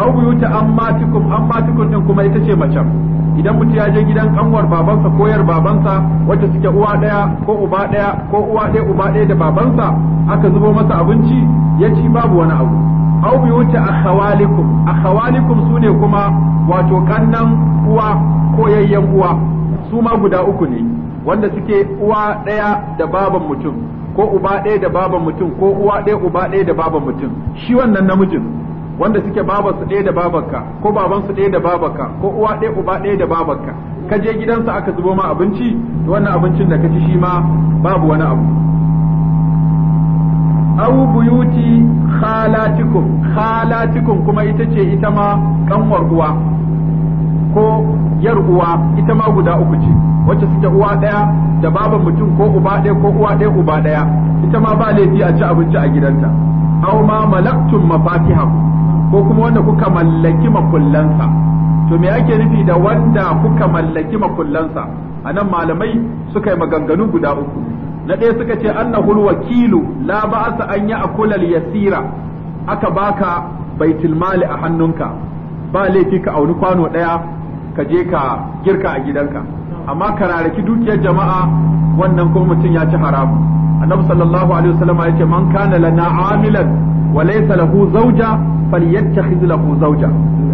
aw tikum ɗin tikum din kuma ita ce macen idan mutum ya je gidan kanwar babansa koyar babansa wacce suke uwa ɗaya ko uba ɗaya ko uwa ɗaya uba ɗaya da babansa aka zubo masa abinci ya ci babu wani abu aw yuta akhawalikum akhawalikum sune kuma wato kannan uwa ko yayyan uwa su ma guda uku ne wanda suke uwa ɗaya da baban mutum ko uba ɗaya da baban mutum ko uwa ɗaya uba ɗaya da baban mutum shi wannan namijin wanda suke baban su ɗaya da babanka ko baban su ɗaya da babanka ko uwa ɗaya uba ɗaya da babanka ka je gidansa aka zubo ma abinci to wannan abincin da ka ci shi ma babu wani abu aw buyuti khalatikum khalatikum kuma ita ce ita ma kanwar uwa ko yar uwa ita ma guda uku ce wacce suke uwa ɗaya da baban mutum ko uba ɗaya ko uwa ɗaya uba ɗaya ita ma ba laifi a ci abinci a gidanta aw ma malaktum mafatiha ko kuma wanda kuka mallaki makullansa to me ake nufi da wanda kuka mallaki makullansa anan malamai suka yi maganganu guda uku na ɗaya suka ce annahu wakilu la ba'sa an ya akula yasira aka baka baitul mali a hannunka ba laifi ka auni kwano ɗaya ka je ka girka a gidanka amma ka rariki dukiyar jama'a wannan ko mutum ya ci haramu annabi sallallahu alaihi wasallam ya ce man kana lana amilan wa laysa lahu zawja falyattakhidh lahu zawja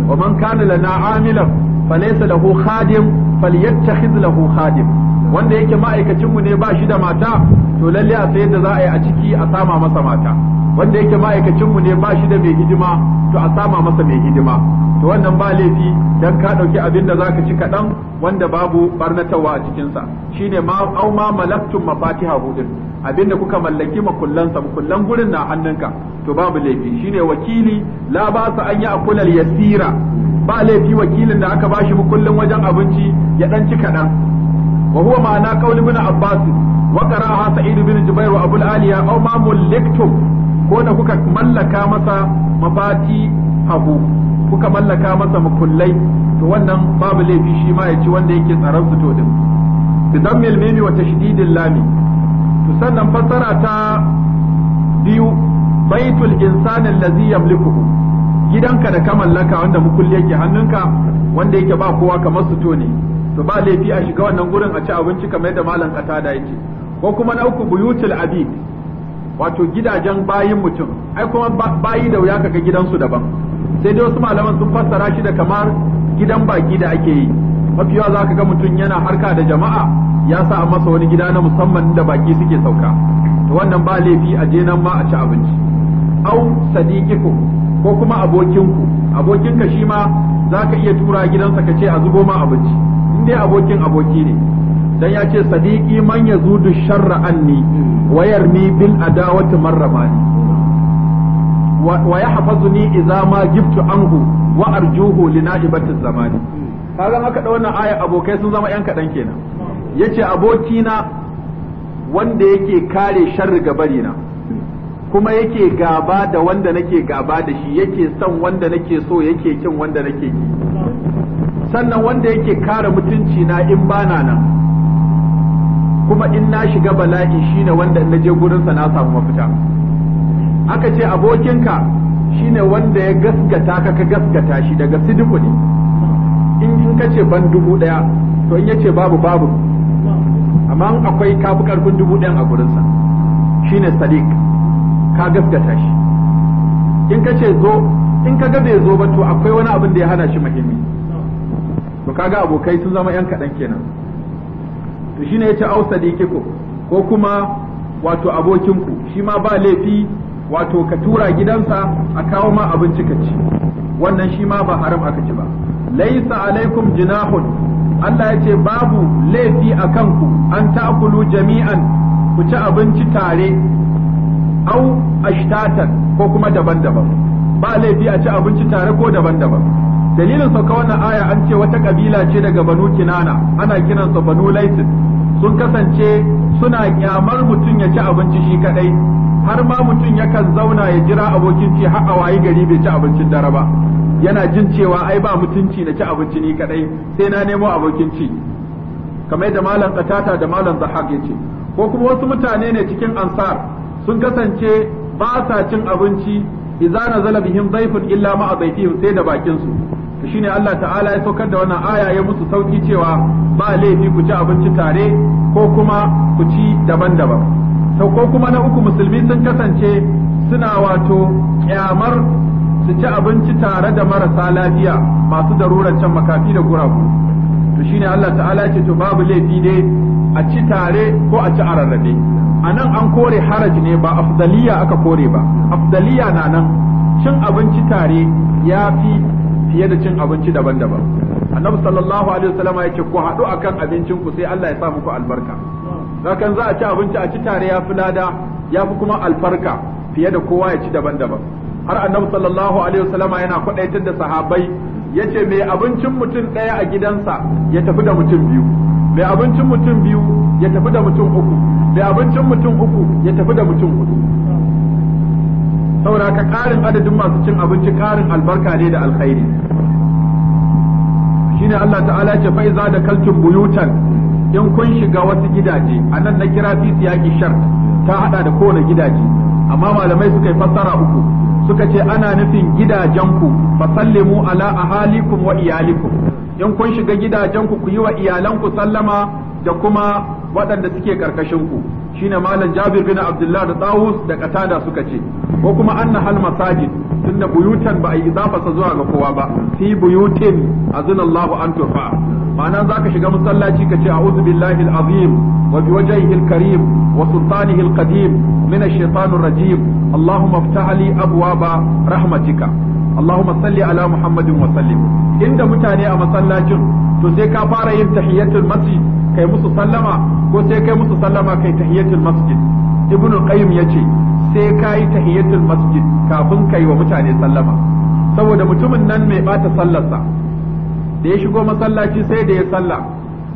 wa man kana lana amilan فليس له خادم فليتخذ له خادم wanda yake ma'aikacinmu ne ba shi da mata to lalle a sayar da za a yi a ciki a sama masa mata wanda yake ma'aikacinmu ne ba shi da mai hidima to a sama masa mai hidima to wannan ba laifi dan ka ɗauki abin da za ka ci kaɗan wanda babu barnatawa a sa shine ma au ma malaktum mafatiha hudin abin da kuka mallaki makullansa makullan gurin na hannunka to babu laifi shine wakili la ba sa an yi akulal yasira ba laifi wakilin da aka bashi makullin wajen abinci ya dan ci kaɗan wa huwa ma'ana qaul ibn abbas wa qara'a sa'id ibn jubair wa abul aliya aw ma ko da kuka mallaka masa mafati hagu kuka mallaka masa makullai to wannan babu laifi shi ma ya ci wanda yake su to din bi dammil mimi lami to sannan fassara ta biyu baitul insani allazi yamlikuhu gidanka da ka mallaka wanda mukulli hannun ka wanda yake ba kowa kamar su to to ba laifi a shiga wannan gurin a ci abinci kamar yadda malam katada yake ko kuma na uku buyutul abid wato gidajen bayin mutum ai kuma bayi da wuya kaga gidansu daban sai dai wasu malaman sun fassara shi da kamar gidan baki da ake yi mafi yawa za ka ga mutum yana harka da jama'a ya sa a masa wani gida na musamman da baki suke sauka to wannan ba laifi a je nan ma a ci abinci au sadiqiku ko kuma abokinku abokinka shi ma za ka iya tura gidansa ka ce a zubo ma abinci in dai abokin aboki ne dan ya ce sadiqi man du sharra anni wayar yarmi bil adawati marrabani wa yahfazuni idza ma gibtu anhu wa arjuhu li na'ibati zamani kaga aka da wannan aya abokai sun zama yan kadan kenan yace aboki na wanda yake kare sharri ga na kuma yake gaba da wanda nake gaba da shi yake son wanda nake so yake kin wanda nake ki sannan wanda yake kare mutunci na in bana nan kuma in na shiga bala'i shine wanda in je gurinsa na samu mafita aka ce abokinka shine wanda ya gaskata ka ka gaskata shi daga sidiku ne in in ka ce ban dubu daya to in yace babu babu amma akwai kafi karfin dubu ɗayan a gurinsa shine sadiq ka gaskata shi in ka ce zo in ka ga bai zo ba to akwai wani abin da ya hana shi muhimmi to ga abokai sun zama yan kaɗan kenan to shi ne ya ausa au sadiqiku ko kuma wato abokinku shi ma ba laifi wato ka tura gidansa a kawo ma abinci ka ci wannan shi ma ba haram aka ci ba laisa alaikum jinahun Allah ya ce babu laifi a kanku an ta'kulu jami'an ku ci abinci tare au ashtatan ko kuma daban-daban ba laifi a ci abinci tare ko daban-daban dalilin sauka wannan aya an ce wata kabila ce daga banu kinana ana kiransa banu laisin sun kasance suna kyamar mutum ya ci abinci shi kadai har ma mutum yakan zauna ya jira abokin ci har awayi gari bai ci abincin dare ba yana jin cewa ai ba mutunci na ci abinci ni kadai sai na nemo abokin ci kamar da malam tsatata da malam zahaq yace ko kuma wasu mutane ne cikin ansar sun kasance ba sa cin abinci idza nazala bihim dayfun illa ma baytihim sai da bakin su shine Allah ta'ala ya saukar da wannan aya ya musu sauki cewa ba laifi ku ci abinci tare ko kuma ku ci daban-daban sau ko kuma na uku musulmi sun kasance suna wato kyamar su ci abinci tare da marasa lafiya masu daruran can makafi da guragu to shine Allah ta'ala ce to babu laifi dai a ci tare ko a ci ararrabe. anan a nan an kore haraji ne ba afdaliya aka kore ba afdaliya na nan cin abinci tare ya fi fiye da cin abinci daban-daban annabi sallallahu alaihi wasallam ya ce ku haɗu akan abincin ku sai Allah ya sa muku albarka zakan za a ci abinci a ci tare ya fi lada ya fi kuma alfarka fiye da kowa ya ci daban-daban har annabi sallallahu alaihi wasallam yana kwadaitar da sahabbai yace mai abincin mutum ɗaya a gidansa ya tafi da mutum biyu mai abincin mutum biyu ya tafi da mutum uku mai abincin mutum uku ya tafi da mutum hudu saboda ka ƙarin adadin masu cin abinci ƙarin albarka ne da alkhairi shine Allah ta'ala ce fa'iza iza da kaltum buyutan in kun shiga wasu gidaje anan na kira fi siyaki shart ta hada da kowane gidaje amma malamai suka yi fassara uku suka ce ana nufin gidajenku fa sallimu ala ahalikum wa iyalikum in kun shiga gidajenku ku yi wa iyalanku sallama da kuma waɗanda suke karkashin ku shine malam Jabir bin Abdullah da Tawus da Qatada suka ce ko kuma anna hal masajid tunda buyutan ba a yi idafasa zuwa ga kowa ba fi buyutin azinallahu an turfa ma'ana zaka shiga masallaci ka ce a'udhu billahi al-azim wa biwajhihi al-karim wa sultanihi al-qadim min ash-shaytanir rajim allahumma iftah li abwaba rahmatika allahumma salli ala muhammadin wa sallim inda mutane a masallacin to sai ka fara yin tahiyatul masjid kai musu sallama ko sai kai musu sallama kai tahiyatul tahiyatul masjid ibn qayyim yace sai kai tahiyatul masjid kafin kai wa mutane sallama saboda mutumin nan mai bata sallarsa da ya shigo masallaci sai da ya salla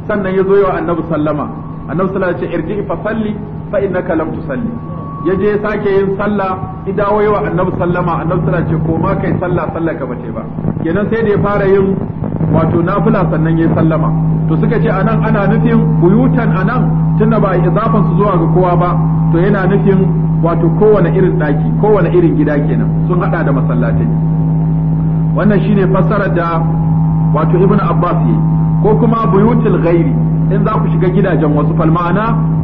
sannan ya zo yawa annabi sallama annabi sallallahu alaihi wasallam ya fa salli fa innaka lam tusalli ya je sake yin salla ya dawo yawa annabi sallama annabi sallallahu alaihi wasallam koma kai salla sallaka bace ba kenan sai da ya fara yin wato nafila sannan yayi sallama to suka ce anan ana nufin buyutan anan tunda ba izafan su zuwa ga kowa ba to yana nufin wato kowane irin daki kowane irin gida kenan sun hada da masallatai wannan shine fassarar da wato ibnu abbas yi ko kuma buyutul ghairi in za ku shiga gidajen wasu fal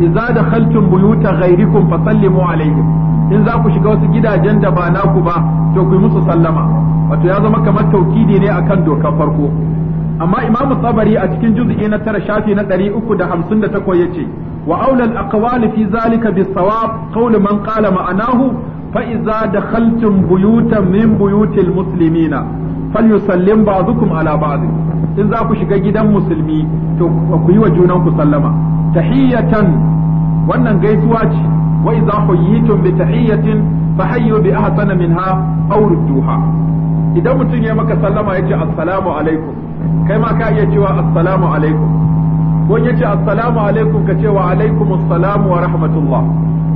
idza dakhaltum buyuta ghairikum fasallimu alaihim in za ku shiga wasu gidajen da ba naku ba to ku yi musu sallama wato ya zama kamar taukidi ne akan dokar farko amma imamu tsabari a cikin juz'i na tara shafi na ɗari uku da hamsin da takwas yace wa aulal aqwali fi zalika bisawab qawlu man qala ma'anahu fa idza dakhaltum buyutan min buyutil muslimina falyusallim ba'dukum ala ba'd in za ku shiga gidan musulmi to ku yi wa junan ku sallama tahiyatan wannan gaisuwa ce wa idza hayyitum bi tahiyyatin fahayyu bi ahsana minha aw rudduha idan mutum ya maka sallama yace assalamu alaikum kai ma ka iya cewa assalamu alaikum ko yace assalamu alaikum ka ce wa alaikum assalam wa rahmatullah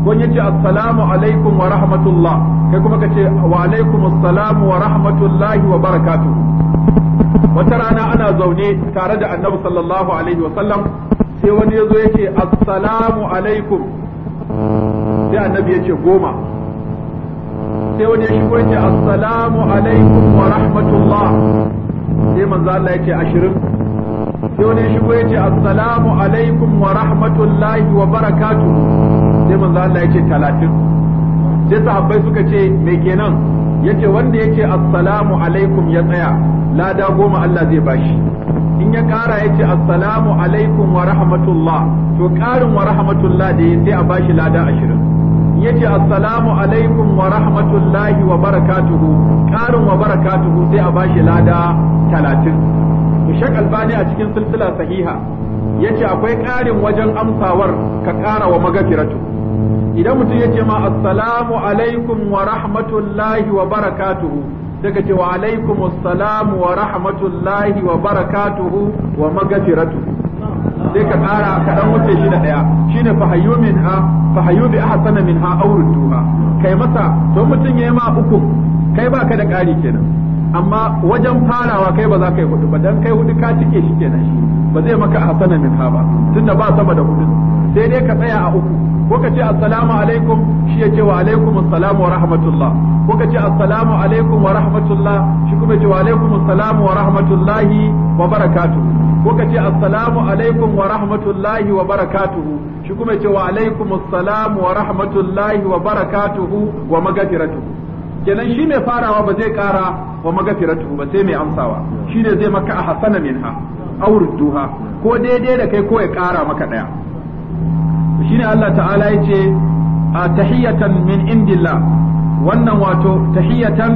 ko yace assalamu alaikum wa rahmatullah kai kuma ka ce wa alaikum assalam wa rahmatullahi wa wata rana ana zaune tare da annabi sallallahu alaihi wa sallam sai wani yazo yace assalamu alaikum sai annabi ya ce goma sai wani ya shigo ya ce assalamu alaikum wa rahmatullah sai manzo Allah ya ce ashirin sai wani ya shigo ya ce assalamu alaikum wa rahmatullahi wa barakatuh sai manzo Allah ya ce talatin sai sahabbai suka ce me kenan yace wanda yace assalamu alaikum ya tsaya lada goma Allah zai bashi in ya ƙara ya ce assalamu alaikum wa rahmatullah to ƙarin wa rahmatullah da ya sai a bashi lada ashirin ya ce assalamu alaikum wa rahmatullahi wa barakatuhu ƙarin wa barakatuhu sai a bashi lada talatin to shak albani a cikin silsila sahiha ya ce akwai ƙarin wajen amsawar ka ƙara wa magafiratu idan mutum ya ce ma assalamu alaikum wa rahmatullahi wa barakatuhu suka ce wa alaikum assalam wa rahmatullahi wa barakatuhu wa magfiratu sai ka kara ka dan wuce shi da daya shine fa hayyu minha fa hayyu bi ahsana minha aw rudduha kai masa don mutun yayi ma uku kai baka da kari kenan amma wajen farawa kai ba za ka yi hudu ba dan kai hudu ka cike shi kenan shi ba zai maka hasana min ha ba tunda ba sama da hudu sai dai ka tsaya a uku ko ka ce assalamu alaikum shi ya ce wa alaikum assalam wa rahmatullah ko ka ce assalamu alaikum wa rahmatullah shi kuma ce wa alaikum assalam wa rahmatullahi wa barakatuh ko ka ce assalamu alaikum wa rahmatullahi wa barakatuh shi kuma ce wa alaikum assalam wa rahmatullahi wa barakatuh wa magfiratuh kenan shi mai farawa ba zai kara wa magafiratu ba sai mai amsawa shine zai maka a hasana minha aw rudduha ko daidai da kai ko ya kara maka daya shine Allah ta'ala yace a tahiyatan min indillah wannan wato tahiyatan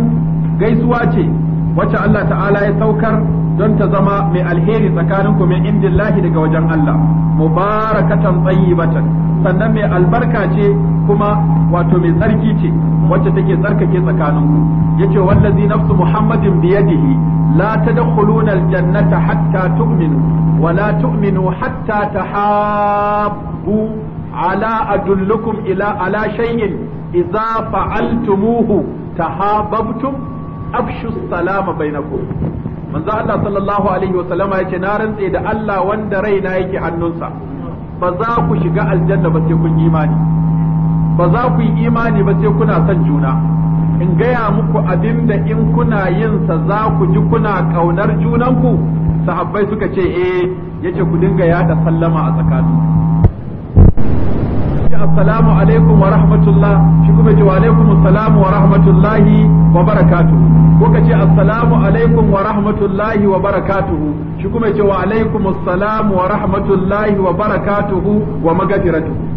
gaisuwa ce wacce Allah ta'ala ya saukar don ta zama mai alheri tsakaninku min indillahi daga wajen Allah mubarakatan tayyibatan sannan mai albarka ce kuma wato mai tsarki ce wacce take tsarkake tsakaninku yace wallazi nafsu muhammadin biyadihi la tadkhuluna aljannata hatta tu'minu wa la tu'minu hatta tahabbu ala adullukum ila ala shay'in idza fa'altumuhu tahabbtum abshu salama bainakum manzo Allah sallallahu alaihi sallama yace na rantse da Allah wanda raina yake hannunsa ba za ku shiga aljanna ba sai kun imani ba za ku yi imani ba sai kuna son juna in gaya muku abin da in kuna yin sa za ku ji kuna kaunar junanku sahabbai suka ce eh yace ku dinga yada sallama a tsakanin assalamu alaikum wa rahmatullah shi kuma ji wa alaikum assalamu wa rahmatullahi wa barakatuhu ko ka ce assalamu alaikum wa rahmatullahi wa barakatuhu shi kuma ji wa alaikum assalamu wa rahmatullahi wa barakatuhu wa magafiratuhu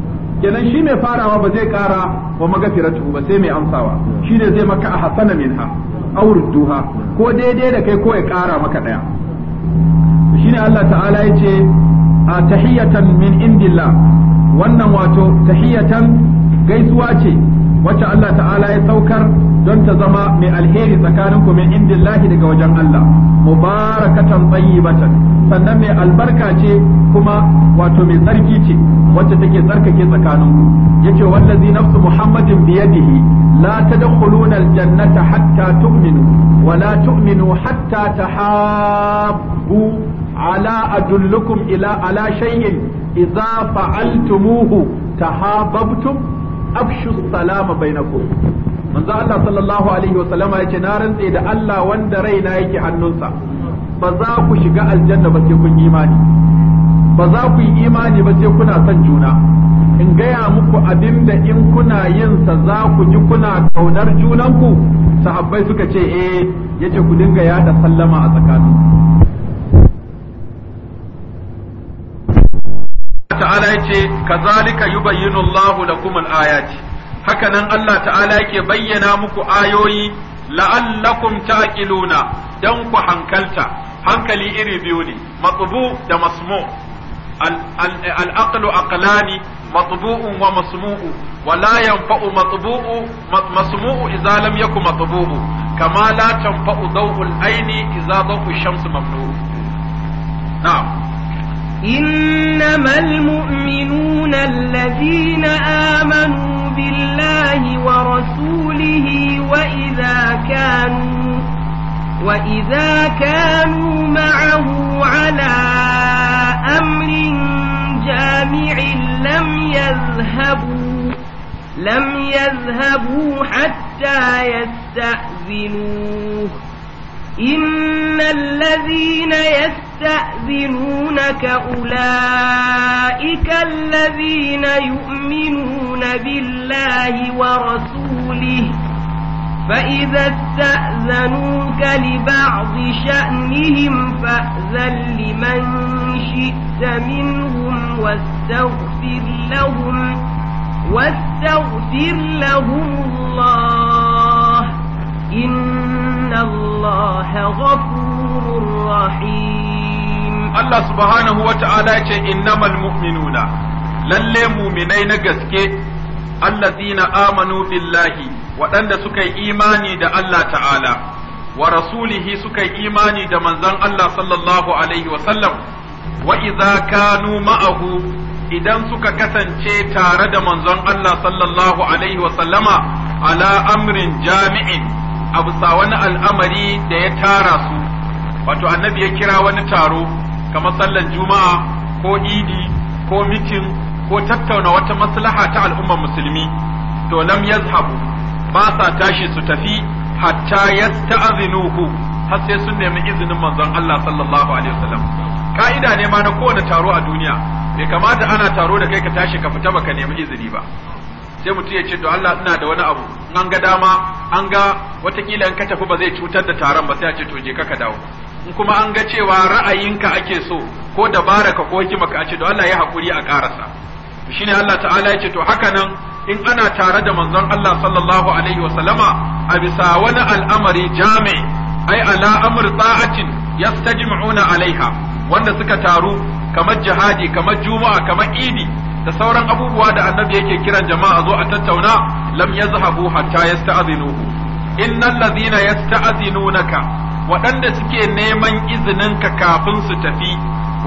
kenan shi mai farawa ba zai kara wa magafiratuhu ba sai mai amsawa shi ne zai maka a hasana minha aw rudduha ko daidai da kai ko ya kara maka daya shine Allah ta'ala yace a tahiyatan min indillah wannan wato tahiyatan gaisuwa ce wacce Allah ta'ala ya saukar don ta zama mai alheri tsakanin mai min indillahi daga wajen Allah mubarakatan tayyibatan sannan mai albarka ce kuma wato mai tsarki ce wacce take tsarkake tsakanin ku yace wallazi nafsu muhammadin biyadihi la tadkhuluna aljannata hatta tu'minu wa la tu'minu hatta tahabbu ala adullukum ila ala shay'in idza fa'altumuhu tahabbtum afshu salama bainakum manzo Allah sallallahu alaihi wasallam yace na rantse da Allah wanda raina yake hannunsa ba za ku shiga aljanna ba sai kun yi imani ba za ku yi imani ba sai kuna son juna in gaya muku abin da in kuna yin sa za ku ji kuna kaunar junanku sahabbai suka ce eh yace ku dinga yada sallama a tsakanin ta'ala ce kazalika yubayyinu Allahu lakum al-ayati haka nan Allah ta'ala yake bayyana muku ayoyi la'allakum taqiluna dan ku hankalta hankali iri biyu ne matsubu da masmu al-aqlu aqlani matbu'un wa masmu'u wa la yanfa'u matbu'u masmu'u idza lam yakun matbu'u kama la tanfa'u daw'ul aini idza daw'u shamsu mamnu na'am إنما المؤمنون الذين آمنوا بالله ورسوله وإذا كانوا وإذا كانوا معه على أمر جامع لم يذهبوا لم يذهبوا حتى يستأذنوه إن الذين يستأذنونك أولئك الذين يؤمنون بالله ورسوله فإذا استأذنوك لبعض شأنهم فأذن لمن شئت منهم واستغفر لهم واستغفر لهم الله إن إن الله غفور رحيم الله سبحانه وتعالى إنما المؤمنون lalle muminai na gaske allazina amanu billahi waɗanda suka yi imani da Allah ta'ala wa rasulihi suka yi imani da manzon Allah sallallahu alaihi wa sallam wa idza kanu ma'ahu idan suka kasance tare da manzon Allah sallallahu alaihi wa sallama ala amrin jami'in a sa wani al'amari da ya tara su wato annabi ya kira wani taro kamar sallan juma'a ko idi ko mitin ko tattauna wata maslaha ta al'ummar musulmi to lam yazhabu ba sa tashi su tafi hatta yasta'zinuhu har sai sun nemi izinin manzon Allah sallallahu alaihi wasallam ka'ida ne ma na kowane taro a duniya bai kamata ana taro da kai ka tashi ka fita baka nemi izini ba sai mutum ya ce to Allah ina da wani abu in an ga dama an ga watakila in ka tafi ba zai cutar da taron ba sai a ce to je ka dawo in kuma an ga cewa ra'ayinka ake so ko dabaraka ko hikima a ce to Allah ya hakuri a karasa shine Allah ta'ala ya ce to haka nan in ana tare da manzon Allah sallallahu alaihi wa sallama a bisa wani al'amari jami ai ala amr ta'atin yastajmi'una alaiha wanda suka taru kamar jihadi kamar juma'a kamar idi da sauran abubuwa da annabi yake kiran jama'a zo a tattauna lam yazhabu hatta yasta'dhinuhu innal ladhina yasta'dhinunaka waɗanda suke neman izininka kafin su tafi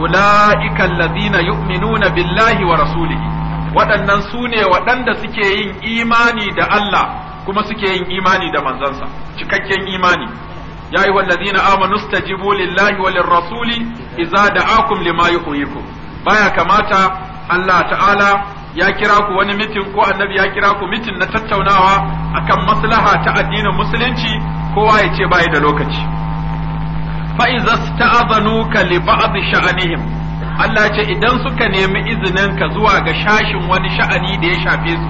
ulaika alladhina yu'minuna billahi wa rasulihi waɗannan su ne waɗanda suke yin imani da Allah kuma suke yin imani da manzansa cikakken imani ya yi wallazina amanu stajibu lillahi walin rasuli iza akum lima yuhyikum baya kamata Allah ta'ala ya kira ku wani mitin ko annabi ya kira ku mitin na tattaunawa akan maslaha ta addinin musulunci kowa ya ce bai da lokaci fa iza ka li ba'd sha'anihim Allah ce idan suka nemi izinin ka zuwa ga shashin wani sha'ani da ya shafe su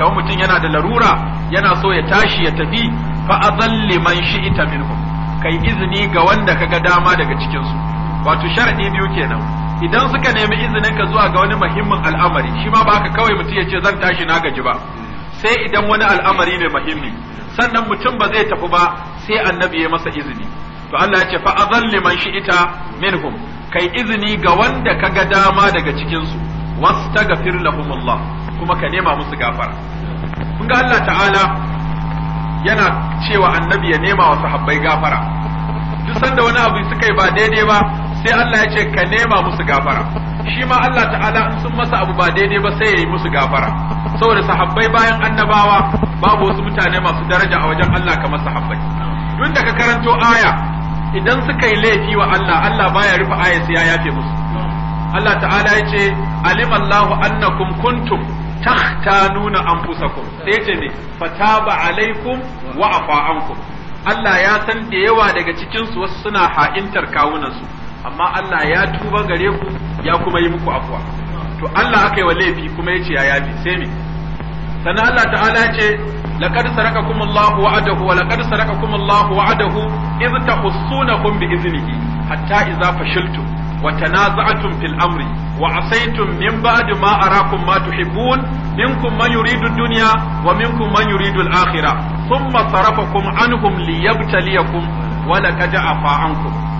kamar mutum yana da larura yana so ya tashi ya tafi fa azalli man shi'ita minhum kai izini ga wanda kaga dama daga cikin su wato sharadi biyu kenan idan suka nemi izinin ka zuwa ga wani muhimmin al'amari shi ma ba ka kawai mutum ya ce zan tashi na gaji ba sai idan wani al'amari mai muhimmi sannan mutum ba zai tafi ba sai annabi ya masa izini to Allah ya ce fa azalli man shi'ita minhum kai izini ga wanda ka ga dama daga cikin su wastaghfir Allah kuma ka nema musu gafara kun ga Allah ta'ala yana cewa annabi ya nema wa sahabbai gafara duk sanda wani abu suka yi ba daidai ba sai Allah ya ce ka nema musu gafara shi ma Allah ta'ala in sun masa abu ba daidai ba sai ya yi musu gafara saboda sahabbai bayan annabawa babu wasu mutane masu daraja a wajen Allah kamar sahabbai Duk da ka karanto aya idan suka yi laifi wa Allah Allah baya rufe aya sai ya yafe musu Allah ta'ala ya ce alimallahu annakum kuntum tahtanuna anfusakum sai ce ne fataba alaikum wa afa ankum Allah ya san da yawa daga cikin su wasu suna ha'intar kawunan su amma Allah ya tuba gare ku ya kuma yi muku afwa to Allah aka yi wa laifi kuma ya ce ya yafi sai me sannan Allah ta'ala ce laqad sarakakum Allah wa'adahu wa laqad sarakakum Allah wa'adahu idh tahussunakum bi iznihi hatta idza fashiltum wa tanaza'tum fil amri wa asaytum min ba'di ma arakum ma tuhibbun minkum man yuridu ad-dunya wa minkum man yuridu al-akhirah thumma sarafakum anhum liyabtaliyakum wa laqad afa ankum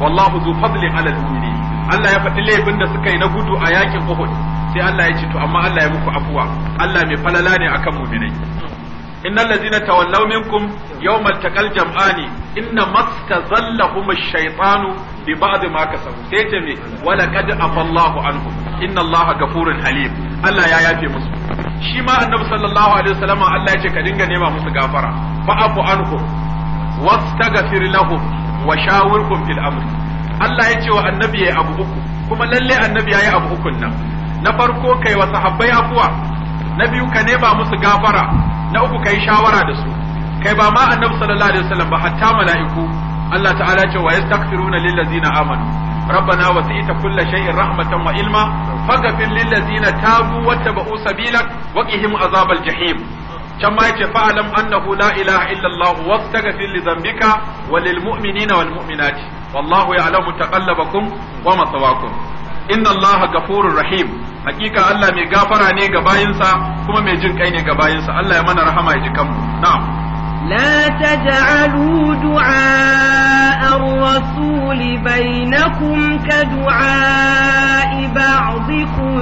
wallahu zu fadli ala al Allah ya faɗi laifin da suka yi na gudu a yakin Uhud sai Allah ya ce to amma Allah ya muku afuwa Allah mai falala ne akan mu'minai innal ladzina tawallaw minkum yawmal taqal jam'ani inna mastazallahum ash-shaytanu bi ba'd ma kasabu sai ce me wala qad afallahu anhum inna Allah ghafurun halim Allah ya yafe musu shi ma annabi sallallahu alaihi wasallam Allah ya ce ka dinga nema musu gafara fa afu anhum wastaghfir lahum wa shawirhum fil Allah ya ce wa annabi yayi abu uku kuma lalle annabi abu ukun nan na farko kai wa sahabbai afuwa na biyu ka nema musu gafara na uku kai shawara da su kai ba ma annabi sallallahu alaihi wasallam ba hatta mala'iku Allah ta'ala ce wa yastaghfiruna lil ladzina amanu ربنا وسعت كل شيء رحمة وعلما ta للذين تابوا واتبعوا سبيلك وقهم عذاب jahim. can ma yace fa annahu la ilaha illallahu, Allah wastaghfir li dhanbika wa lil wal mu'minati wallahu ya'lamu taqallabakum wa mathawakum inna Allah gafurur rahim hakika Allah mai gafara ne ga bayinsa kuma mai jin kai ne ga bayinsa Allah ya mana rahama ya ji kanmu na'am لا تجعلوا ka الرسول بينكم كدعاء بعضكم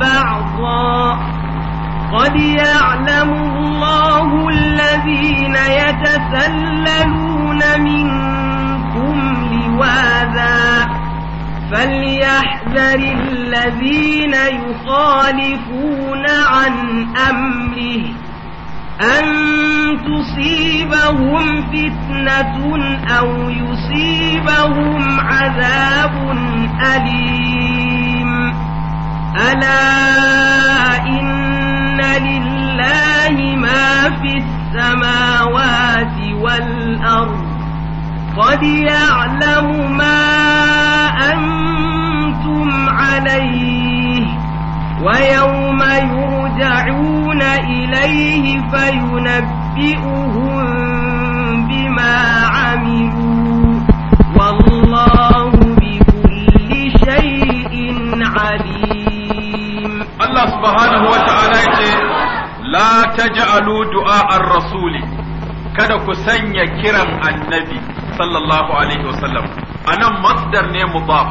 بعضا قد يعلم الله الذين يتسللون منكم لواذا فليحذر الذين يخالفون عن أمره أن تصيبهم فتنة أو يصيبهم عذاب أليم ألا إن لله ما في السماوات والأرض قد يعلم ما أنتم عليه ويوم يرجعون إليه فينبئهم بما عملوا والله بكل شيء عليم Allah subhanahu wa ta'ala ce la taj'alu du'a ar-rasuli kada ku sanya kiran annabi sallallahu alaihi wasallam anan masdar ne mudaf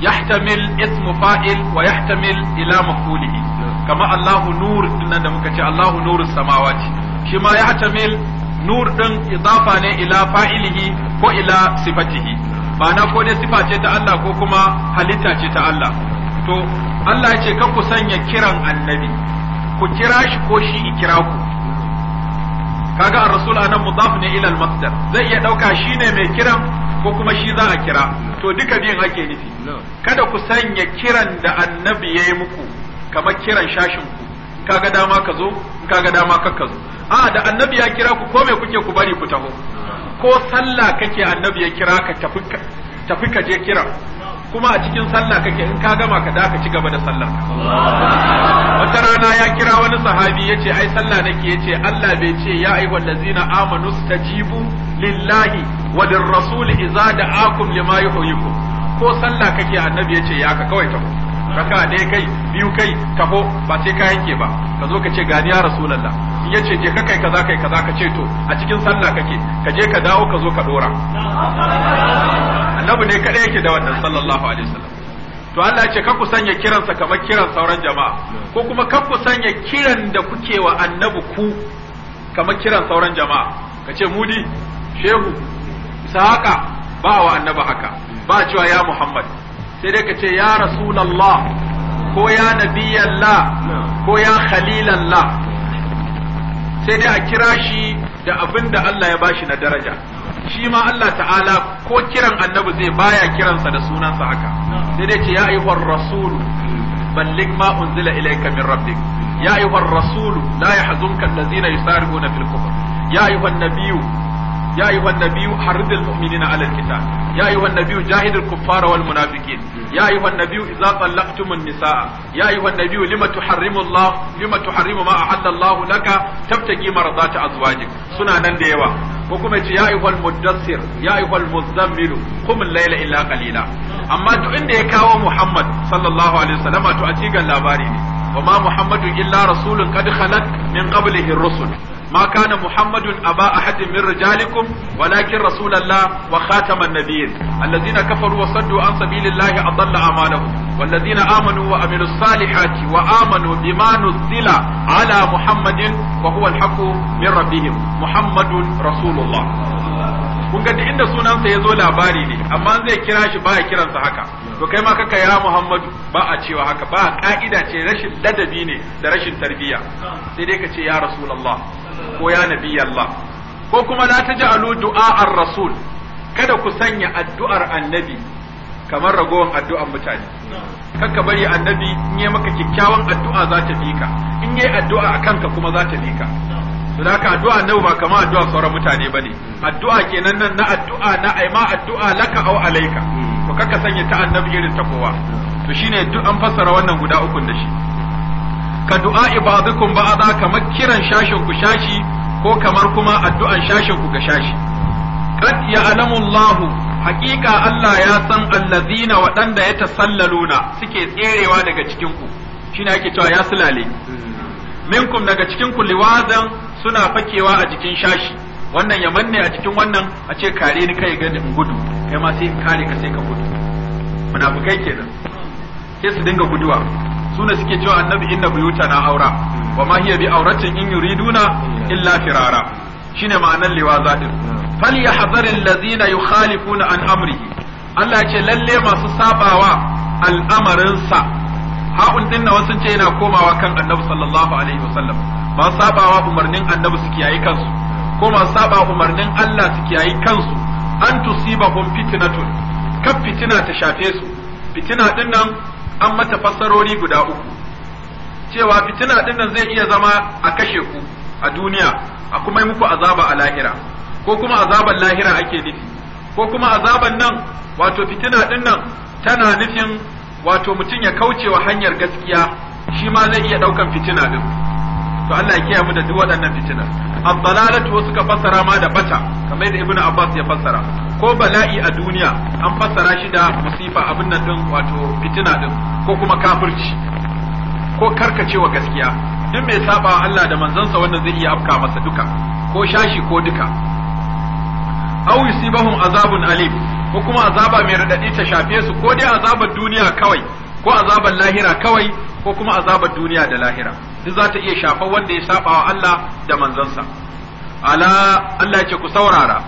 yahtamil ismu fa'il wa yahtamil ila maf'ulihi kama Allahu nur dinnan da muka ce Allahu nurus samawati shi ma yahtamil nur din idafa ne ila fa'ilihi ko ila sifatihi na ko dai sifa ce ta Allah ko kuma halitta ce ta Allah to Allah ya ce ka ku sanya kiran annabi ku kira shi ko shi kira ku kaga ar-rasul anan mudaf ne ila al-masdar zai iya dauka shine mai kiran ko kuma shi za a kira to duka biyan ake nufi kada ku sanya kiran da annabi yayi muku kamar kiran shashin ku kaga dama ka zo kaga dama ka ka zo a da annabi ya kira ku ko me kuke ku bari ku taho ko sallah kake annabi ya kira ka tafi ka je kira kuma a cikin sallah kake in ka gama ka daka ci gaba da sallar ka wata rana ya kira wani sahabi ya ce ai sallah nake ya ce Allah bai ce ya ayyuhal ladzina amanu stajibu lillahi wa rasul idza da'akum lima yuhyikum ko sallah kake annabi ce ya ka kawai taho raka dai kai biyu kai taho ba sai ka yanke ba ka zo ka ce gani ya rasulullah in yace je ka kai kaza kai kaza ka ce to a cikin sallah kake ka je ka dawo ka zo ka dora annabi ne kada yake da wannan sallallahu alaihi wasallam to Allah ya ce ka ku sanya kiransa kamar kiran sauran jama'a ko kuma ka ku sanya kiran da kuke wa annabi ku kamar kiran sauran jama'a Ka ce mudi shehu sahaka ba wa annabi haka ba cewa ya muhammad sai dai ka ce ya rasulullah ko ya nabiyallah ko ya khalilallah sai dai a kira shi da abin da Allah ya bashi na daraja shi ma Allah ta'ala ko kiran annabi zai baya kiransa da sunansa haka sai dai ce ya ayyuhar rasulu balligh ma unzila ilayka min rabbik ya ayyuhar rasulu la yahzunka allazina yusarifuna fil kufr ya ayyuhan nabiyyu يا أيها النبي حرض المؤمنين على الكتاب يا أيها النبي جاهد الكفار والمنافقين يا أيها النبي إذا طلقتم النساء يا أيها النبي لما تحرم الله لما تحرم ما أحل الله لك تبتغي مرضات أزواجك سنة ديوا ko kuma ce ya ayyuhal muddassir ya ayyuhal muzammil qum al-layla illa qalila amma to inda ya kawo Muhammad sallallahu alaihi wasallama to a cigan labari ne kuma Muhammadu illa rasulun qad khalat min qablihi ar-rusul ma kana muhammadun aba ahadin min rijalikum walakin rasulullah wa khataman nabiyyin allazina kafaru wa saddu an sabilillahi adalla amalahum wallazina amanu wa Aminu salihati wa amanu bima nuzila ala muhammadin wa huwa min rabbihim muhammadun rasulullah kun ga duk inda sunansa ya zo labari ne amma zai kira shi ba ya kiransa haka to kai ma kaka ya Muhammadu ba a cewa haka ba ka'ida ce rashin ladabi ne da rashin tarbiyya sai dai ka ce ya Rasulullah ko ya Nabi Allah ko kuma la taj'alu du'a ar-rasul kada ku sanya addu'ar annabi kamar ragowar addu'an mutane kanka bari annabi in yi maka kyakkyawan addu'a za ta bi ka in yi addu'a a kanka kuma za ta bi ka to da haka addu'a nau ba kamar addu'a sauran mutane ba bane addu'a kenan nan na addu'a na aima addu'a laka au alaika to kaka sanya ta annabi irin ta kowa to shine duk an fassara wannan guda ukun da shi ka du'a ibadukum ba'da kamar kiran shashin ku shashi ko kamar kuma addu'an shashin ku ga shashi qad ya'lamu lahu haƙiƙa Allah ya san allazina waɗanda ya ta tasallaluna suke tserewa daga cikin ku shine ake cewa ya sulale minkum daga cikin ku liwazan suna fakewa a jikin shashi wannan ya manne a jikin wannan a ce kare ni kai ga in gudu kai ma sai kare ka sai ka gudu munafikai kenan sai su dinga guduwa sune suke cewa annabi inna buyuta na aura wa ma hiya bi auratin in yuriduna illa firara shine ma'anar liwaza din falyahzar allazina yukhalifuna an amrihi Allah ce lalle masu sabawa al'amarinsa ha'un dinna wasu ce yana komawa kan annabi sallallahu alaihi wasallam masu sabawa umarnin annabi su kiyaye kansu ko masu saba umarnin Allah su kiyaye kansu an tusibahum fitnatun kan fitina ta shafe su fitina din nan an mata fassarori guda uku cewa fitina din nan zai iya zama a kashe ku a duniya a kuma yi muku azaba a lahira ko kuma azaban lahira ake nufi ko kuma azaban nan wato fitina din nan tana nufin wato mutum ya kaucewa hanyar gaskiya shi ma zai iya ɗaukan fitina din to Allah ya kiyaye mu da duk waɗannan fitina ad-dalalatu wasu ka fassara ma da bata kamar da ibnu abbas ya fassara ko bala'i a duniya an fassara shi da musifa abin nan din wato fitina din ko kuma kafirci ko karkacewa gaskiya duk mai saba Allah da manzansa wanda zai iya afka masa duka ko shashi ko duka aw yusibahum azabun alim ko kuma azaba mai radadi ta shafe su ko dai azabar duniya kawai ko azabar lahira kawai ko kuma azabar duniya da lahira duk za ta iya shafar wanda ya saba wa Allah da manzansa ala Allah ce ku saurara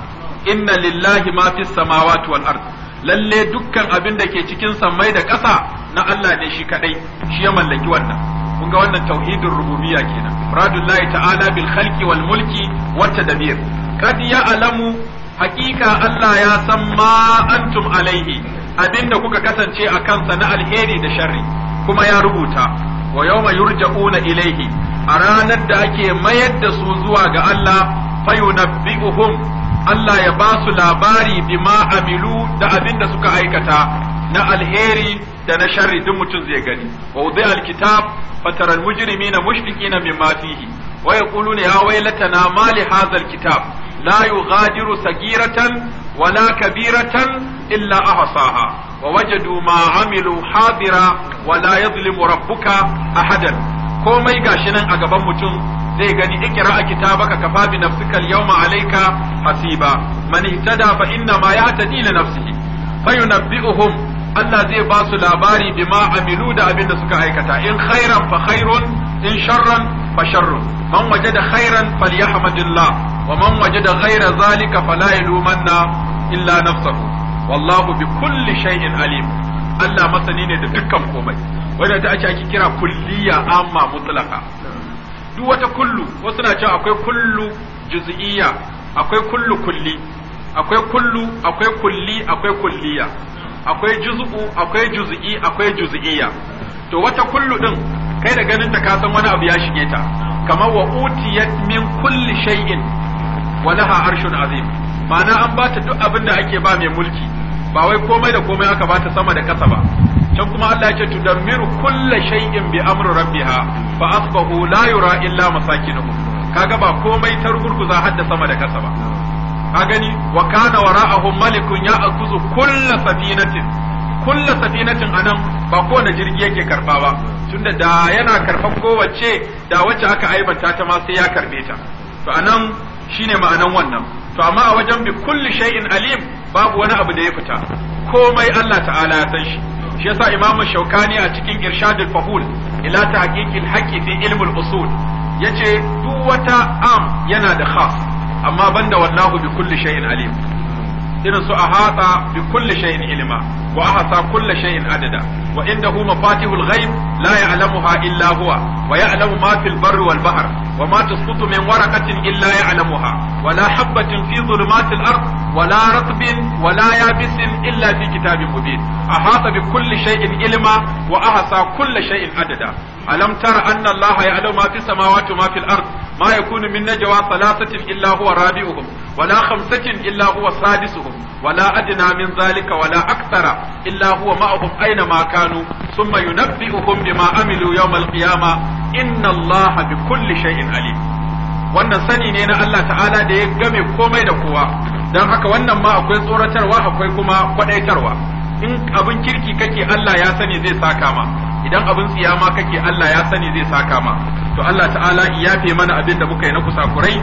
inna lillahi ma fis samawati wal ard lalle dukkan abin da ke cikin sammai da ƙasa na Allah ne shi kadai shi ya mallaki wannan kun ga wannan tauhidin rububiyya kenan radullahi ta'ala bil khalqi wal mulki wat tadbir kad ya alamu hakika Allah ya san ma antum alaihi abinda kuka kasance a kansa na alheri da sharri kuma ya rubuta wa yawma yurja'una ilaihi a ranar da ake mayar da su zuwa ga Allah fayunabbi'uhum Allah ya ba su labari bima amilu da abinda suka aikata na alheri da na sharri duk mutum zai gani wa wudi alkitab fatara almujrimina mushfiqina mimma fihi wa yaquluna ya waylatana ma li hadha alkitab la yughadiru sagiratan wala kabiratan illa ahsaha wa wajadu ma amilu hadira wa la yadhlimu rabbuka ahadan komai gashi nan a gaban mutum zai gani ikra kitabaka kafa bi nafsika al-yawma alayka hasiba man ihtada fa inna ma yahtadi li nafsihi fayunabbi'uhum Allah zai ba su labari bima amilu da abin da suka aikata in khairan fa khairun in sharran fa sharrun man wajada khairan falyahmadillah wa man wajada ghayra zalika fala yalumanna illa nafsahu wallahu bi kulli shay'in alim Allah masani ne da dukkan komai wanda ta ake ake kira kulliya amma mutlaka duk wata kullu wasu na cewa akwai kullu juz'iyya akwai kullu kulli akwai kullu akwai kulli akwai kulliya akwai juz'u akwai juz'i akwai juz'iyya to wata kullu din kai da ganin ta ka san wani abu ya shige ta kamar wa utiyat min kulli shay'in wa laha arshun azim ma'ana an bata duk abin da ake ba mai mulki ba wai komai da komai aka bata sama da kasa ba can kuma Allah ya ce tudammiru kulla shay'in bi amri rabbiha fa asbahu la yura illa masakinuhum kaga ba komai ta rugurguza har da sama da kasa ba ka gani wa kana wara'ahum malikun akuzu kulla safinatin kulla safinatin anan ba kowane jirgi yake karba ba tunda da yana karban kowace da wacce aka aibanta ta ma sai ya karbe ta to anan shine ma'anan wannan to amma a wajen bi kulli shay'in alim babu wani abu da ya fita komai Allah ta'ala ya san shi shi yasa imamu shaukani a cikin irshadul fahul ila tahqiqil haqqi fi ilmul usul yace duk wata am yana da khas amma banda wallahu bi kulli shay'in alim irin su ahata bi kulli shay'in ilma wa ahata kulli shay'in adada wa indahu mafatihul ghaib la ya'lamuha illa huwa wa ya'lamu ma fil barri wal bahr wa ma tasqutu min waraqatin illa ya'lamuha wa la habatin fi dhulumatil ard wa la ratbin wa la illa fi kitabin mubin ahata bi kulli shay'in ilma wa ahsa kulli shay'in adada alam tara anna allaha ya'lamu ma fis samawati wa ma fil ard ما يكون من نجوى ثلاثة إلا هو رابعهم ولا خمسة إلا هو سادسهم ولا أدنى من ذلك ولا أكثر إلا هو معهم أينما كانوا amanu thumma yunabbi'uhum bima amilu yawmal qiyama inna allaha bi kulli shay'in wannan sani ne na Allah ta'ala da ya game komai da kowa dan haka wannan ma akwai tsoratarwa akwai kuma kwadaitarwa in abin kirki kake Allah ya sani zai saka ma idan abin tsiyama kake Allah ya sani zai saka ma to Allah ta'ala yafe mana abin da muka yi na kusakurai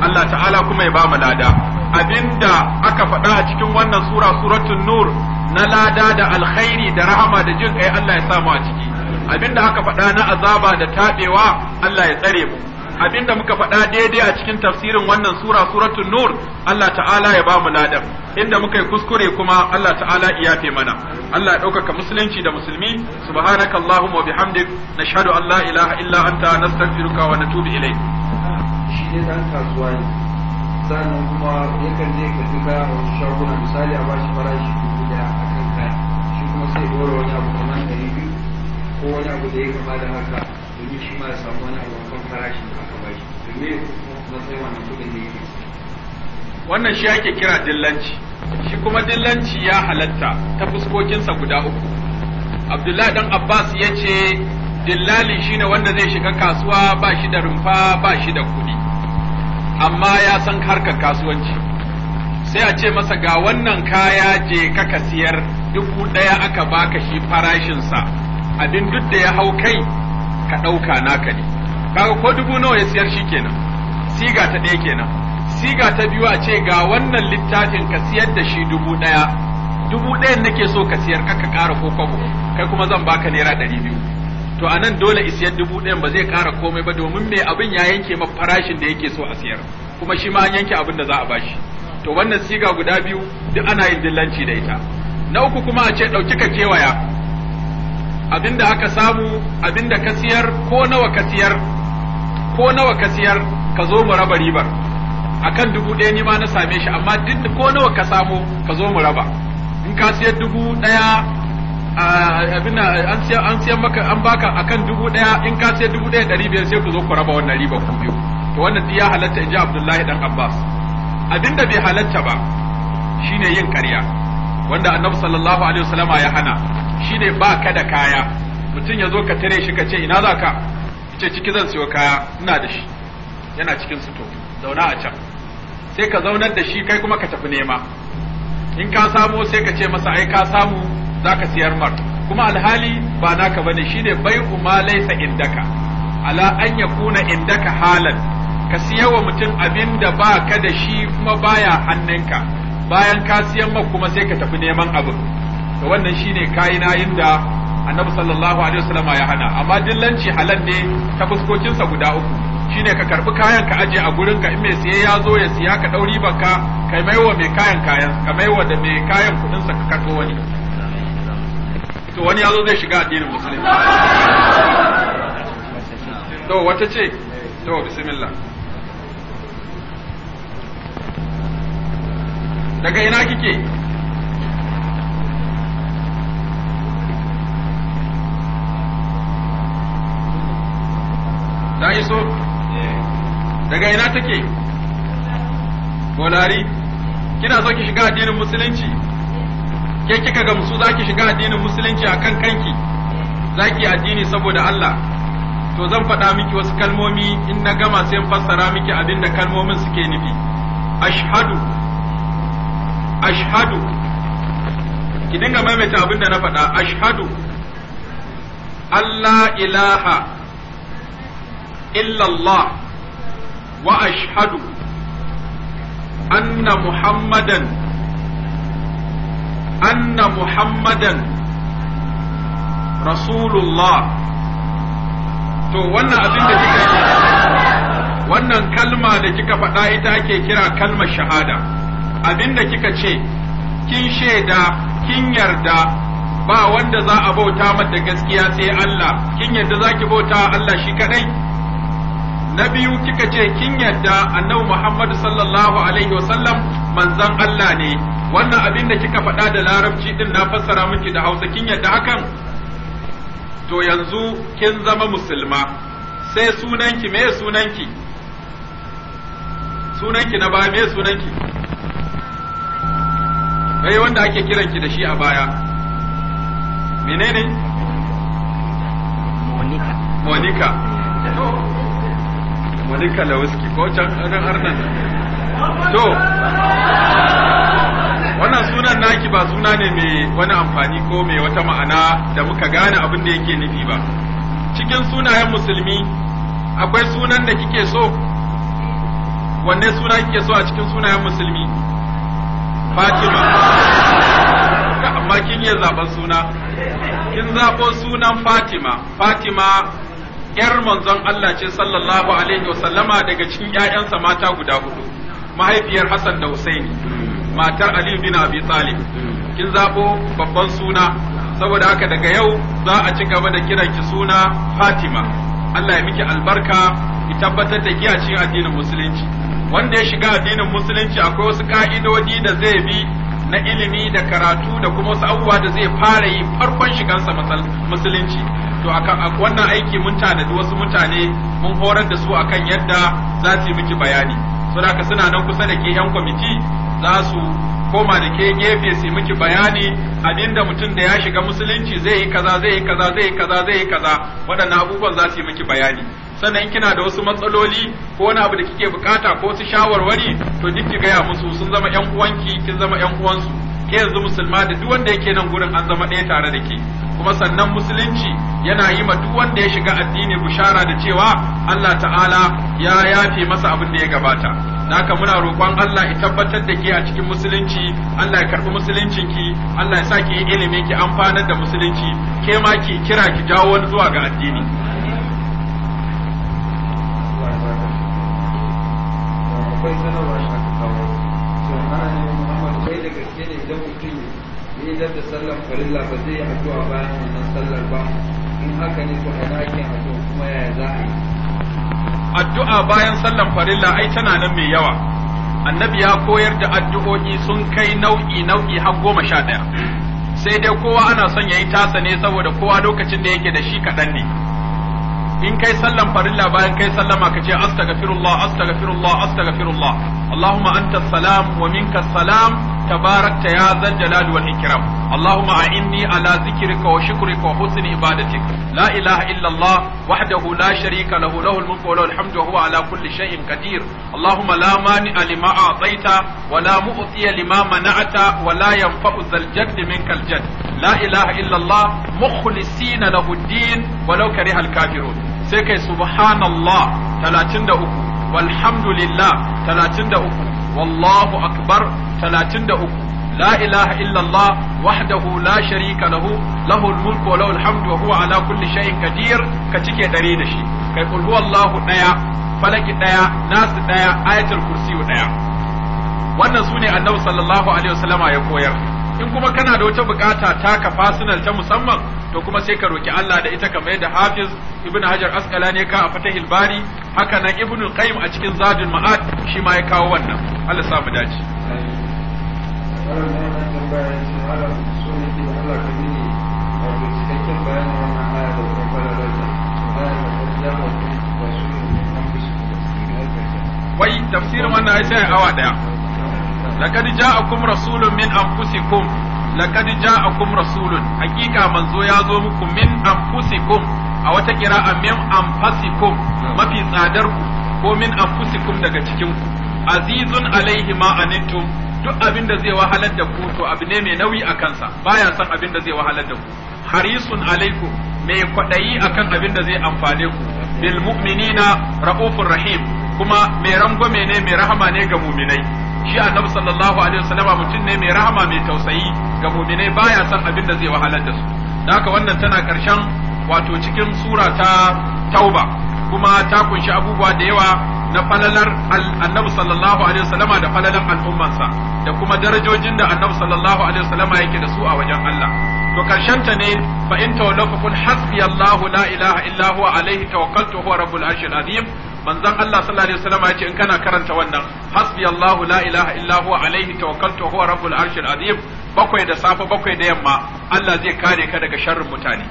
Allah ta'ala kuma ya ba mu lada abinda aka faɗa a cikin wannan sura suratul nur na lada da alkhairi da rahama da jin kai Allah ya samu a ciki abinda aka faɗa na azaba da taɓewa Allah ya tsare mu abinda muka faɗa daidai a cikin tafsirin wannan sura suratul nur Allah ta'ala ya ba mu ladan inda muka yi kuskure kuma Allah ta'ala ya yafe mana Allah ya ɗaukaka musulunci da musulmi subhanaka allahumma wa bihamdik nashhadu an la ilaha illa anta nastaghfiruka wa natubu ilayk shi ne dan kasuwa ne sannan kuma yakan je ka tuka shaguna misali a bashi farashi sai goro wani abu kamar ɗari biyu ko wani abu da ya kama da haka domin shi ma ya samu wani abu kan farashin da aka bashi domin sai wannan kuɗin ne yake wannan shi ake kira dillanci shi kuma dillanci ya halatta ta fuskokinsa guda uku abdullahi dan abbas ya ce dillali shine wanda zai shiga kasuwa ba shi da rumfa ba shi da kuɗi amma ya san harkar kasuwanci sai a ce masa ga wannan kaya je kaka siyar dubu ɗaya aka baka shi farashinsa abin duk da ya hau kai ka ɗauka naka ne kaga ko dubu nawa ya siyar shi kenan siga ta ɗaya kenan siga ta biyu a ce ga wannan littafin ka siyar da shi dubu ɗaya dubu na nake so ka siyar kaka ƙara ko kwabo kai kuma zan baka naira ɗari biyu to a nan dole isiyar dubu ɗayan ba zai ƙara komai ba domin me abin ya yanke ma farashin da yake so a siyar kuma shi ma an yanke abin da za a bashi to wannan siga guda biyu duk ana yin dillanci da ita na uku kuma a ce ɗauki ka kewaya abinda aka samu abinda ka siyar ko nawa ka siyar ko nawa ka siyar ka zo mu raba ribar akan dubu ɗaya ni ma na same shi amma duk ko nawa ka samu ka zo mu raba in ka siyar dubu ɗaya abin an siya an siya maka an baka akan dubu daya in ka siya dubu daya ɗari biyar sai ku zo ku raba wannan ribar ku biyu to wannan duk ya halatta in ji Abdullahi dan Abbas abinda bai halatta ba shine yin ƙarya wanda annabi sallallahu alaihi wasallama ya hana shine ba ka da kaya mutum ya zo ka tare shi ka ce ina za ka ce ciki zan siyo kaya ina da shi yana cikin suto zauna a can sai ka zaunar da shi kai kuma ka tafi nema in ka samu sai ka ce masa ai ka samu za ka siyar mar kuma alhali ba naka bane shine bai ma laisa indaka ala an yakuna indaka halan ka siya wa mutum abin da ba ka da shi kuma baya hannunka bayan ka siyan ma kuma sai ka tafi neman abin to wannan shine kayi na da annabi sallallahu alaihi wasallam ya hana amma dillanci halal ne ta fuskokin sa guda uku shine ka karbi kayan ka aje a gurin ka in mai siye ya zo ya siya ka dauri baka kai mai wa mai kayan kayan ka mai wa da mai kayan kudin sa ka kato wani to wani yazo zai shiga addinin musulmi to wata ce to bismillah daga ina kike ta iso daga ina take bolari kina so ki shiga addinin musulunci ke kika gamsu za ki shiga addinin musulunci a kan kanki za ki addini saboda Allah to zan faɗa miki wasu kalmomi in na gama sai fassara miki abinda kalmomin suke nufi ashhadu ashhadu ki dinga maimaita abin da na faɗa ashhadu Allah ilaha illallah wa ashhadu anna muhammadan anna muhammadan rasulullah to wannan abin da kika wannan kalma da kika faɗa ita ake kira kalmar shahada abinda kika ce kin shaida kin yarda ba wanda za a bauta mata gaskiya sai Allah kin yarda zaki bauta Allah shi kadai na biyu kika ce kin yarda annabi Muhammad sallallahu alaihi wasallam manzon Allah ne wannan abin da kika faɗa da larabci din na fassara miki da Hausa kin yarda hakan to yanzu kin zama musulma sai sunanki me sunanki sunanki na ba me sunanki kai wanda ake kiran ki da shi a baya menene monika Monika. to monica lawski ko can ran arnan to wannan sunan naki ba suna ne mai wani amfani ko mai wata ma'ana da muka gane abin da yake nufi ba cikin sunayen musulmi akwai sunan da kike so wanne suna kike so a cikin sunayen musulmi Fatima amma kin yi zaɓen suna kin zaɓo sunan Fatima Fatima yar manzon Allah ce sallallahu alaihi wasallama daga cikin 'ya'yansa mata guda hudu mahaifiyar Hassan da Husaini matar Aliyu bin Abi Talib kin zaɓo babban suna saboda haka daga yau za a ci gaba da kiran ki suna Fatima Allah ya miki albarka ki tabbatar da giya addinin musulunci wanda ya shiga addinin musulunci akwai wasu ka'idodi da zai bi na ilimi da karatu da kuma wasu abubuwa da zai fara yi farkon shigansa musulunci to akan wannan aiki mun tanadi wasu mutane mun horar da su akan yadda za su yi miki bayani saboda suna nan kusa da ke yan kwamiti za su koma da ke gefe su miki bayani abinda mutum da ya shiga musulunci zai yi kaza zai yi kaza zai yi kaza zai yi kaza waɗannan abubuwan za su yi miki bayani sannan kina da wasu matsaloli ko wani abu da kike bukata ko wasu shawarwari to duk ki gaya musu sun zama yan uwanki kin zama yan uwansu ke yanzu musulma da duk wanda yake nan gurin an zama ɗaya tare da ke kuma sannan musulunci yana yi ma duk wanda ya shiga addini bushara da cewa Allah ta'ala ya yafe masa abin da ya gabata naka muna roƙon Allah ya tabbatar da ke a cikin musulunci Allah ya karɓi musuluncin ki Allah ya sa ki yi ilimi ki amfanar da musulunci ke ma ki kira ki jawo wani zuwa ga addini akwai sanarwa ya idar da sallar farilla ba zai yi addu'a bayan wannan sallar ba in haka ne to a dakin addu'a kuma yaya za a yi addu'a bayan sallar farilla ai tana nan mai yawa annabi ya koyar da addu'o'i sun kai nau'i nau'i har goma sha ɗaya sai dai kowa ana son ya yi tasa ne saboda kowa lokacin da yake da shi kaɗan ne in kai sallan farilla bayan kai sallama ka ce astaghfirullah astaghfirullah astaghfirullah allahumma anta salam wa minka salam تباركت يا ذا الجلال والإكرام اللهم أعني على ذكرك وشكرك وحسن عبادتك لا إله إلا الله وحده لا شريك له له الملك وله الحمد وهو على كل شيء قدير اللهم لا مانع لما أعطيت ولا مؤتي لما منعت ولا ينفع ذا الجد منك الجد لا إله إلا الله مخلصين له الدين ولو كره الكافرون سيكي سبحان الله 33 والحمد لله 33 wallahu akbar 33 لا إله إلا الله وحده لا شريك له له الملك وله الحمد وهو على كل شيء قدير كتيكي دريد شي كي قل هو الله ديا فلك ديا ناس ديا آية الكرسي ديا wannan sune annabi sallallahu alaihi wasallama ya koyar in kuma kana da wata bukata taka fasinal ta musamman to kuma sai ka roki Allah da ita kamar yadda Hafiz Ibn Hajar Asqalani ya ka a Fatahil Bari haka nan Ibn Qayyim a cikin Zadul Ma'ad shi ma ya kawo wannan Allah sa mu dace wai tafsirin wannan ai sai awa daya laqad ja'akum rasulun min anfusikum laqad ja'akum rasulun man manzo ya zo muku min anfusikum a wata ƙira min anfasikum mafi tsadar ku ko min anfusikum daga cikin ku azizun alaihi ma anittum duk abin da zai wahalar da ku to abu ne mai nauyi a kansa baya san abin da zai wahalar da ku harisun alaikum mai kwaɗayi akan abin da zai amfane ku bil mu'minina ra'ufur rahim kuma mai rangwame ne mai rahama ne ga muminai shi annabi sallallahu alaihi wasallama mutum ne mai rahama mai tausayi ga muminai baya san abin da zai wahalar da su da haka wannan tana karshen wato cikin sura ta tauba kuma ta kunshi abubuwa da yawa na falalar annabi sallallahu alaihi wasallama da falalar al'ummansa da kuma darajojin da annabi sallallahu alaihi wasallama yake da su a wajen Allah to karshenta ta ne fa in tawallahu kun hasbi Allah la ilaha illa huwa alaihi tawakkaltu huwa rabbul arshil azim manzon Allah sallallahu alaihi wasallam ya ce in kana karanta wannan hasbi Allahu la ilaha illa huwa alaihi tawakkaltu huwa rabbul arshil azim bakwai da safe bakwai da yamma Allah zai kare ka daga sharrin mutane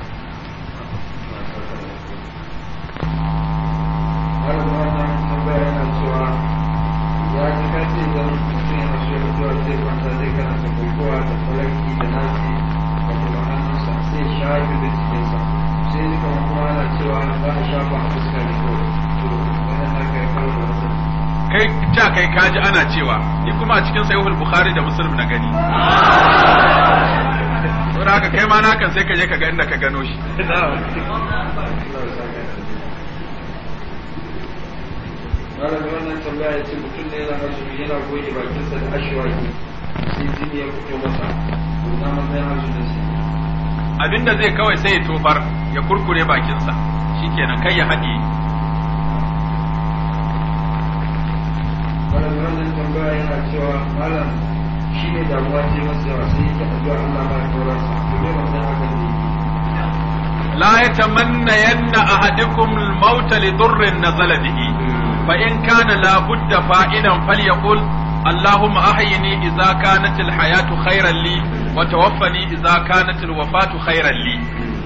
sai kuma ana cewa za a shafa a fuska ne kawai kai ja kai kaji ana cewa ni kuma a cikin sahihul bukhari da muslim na gani saboda haka kai ma na kan sai ka je ka ga inda ka gano shi ranar wannan tambaya ya ce mutum ne yana azumi yana goge bakinsa da ashwaki sai jini ya fito masa na matsayin azumin sa abinda zai kawai sai ya tofar ya kurkure bakinsa shikenan kai ya haɗe tambaya yana cewa malam shi ne damuwa ce masu yawa sai yake addu'a Allah ba ya kaura sa to me ya haka ne la yatamanna yanna ahadukum al-maut li durrin nazala bihi fa in kana la budda fa'ilan اللهم أحيني إذا كانت الحياة خيرا لي وتوفني إذا كانت الوفاة خيرا لي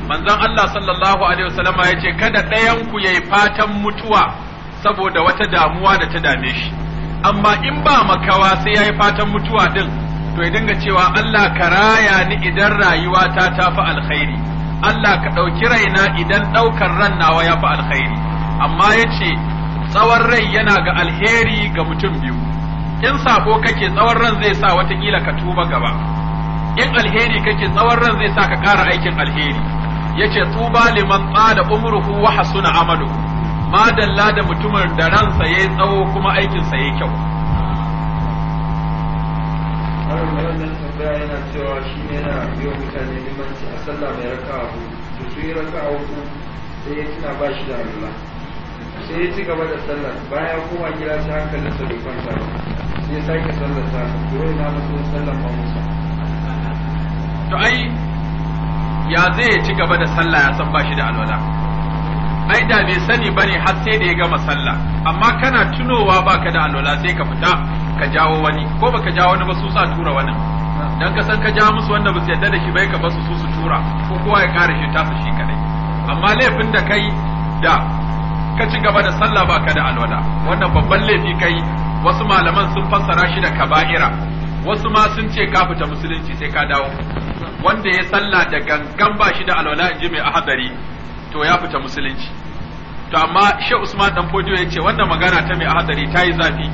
manzon Allah sallallahu alaihi wasallam ya ce kada ɗayan ku yayi fatan mutuwa saboda wata damuwa da ta dame shi amma in ba makawa sai ya yi fatan mutuwa din to ya dinga cewa Allah ka raya ni idan rayuwa ta tafi alkhairi Allah ka ɗauki raina idan ɗaukar ran nawa ya fi alkhairi amma yace tsawon rai yana ga alheri ga mutum biyu in sako kake tsawon ran zai sa watakila ka tuba gaba in alheri kake tsawon ran zai sa ka ƙara aikin alheri yace tuba liman tsada umruhu wa hasuna amaluhu madalla da mutumin da ransa ya yi tsawo kuma aikinsa ya yi kyau yana cewa shi ne biyo mutane a sallah raka abu yi raka sai ya ba shi da Allah sai ci gaba da sallah bayan kuma gida hankali hankalinsa bai kwanta ba sai ya sake sallar sa na ina mutum sallar ba musa to ai ya zai ci gaba da sallah ya san ba shi da alwala ai da bai sani bane har sai da ya gama sallah amma kana tunowa baka da alwala sai ka fita ka jawo wani ko baka jawo wani ba su sa tura wani dan ka san ka jawo musu wanda ba su yarda da shi bai ka basu su su tura ko kowa ya kare shi tafi shi kadai amma laifin da kai da ka ci gaba da sallah baka da alwala wannan babban laifi kai wasu malaman sun fassara shi da kaba'ira wasu ma sun ce ka fita musulunci sai ka dawo wanda ya sallah da gangan ba shi da alwala in ji mai ahadari to ya fita musulunci to amma shi Usman dan fodiyo ya ce wannan magana ta mai hadari ta yi zafi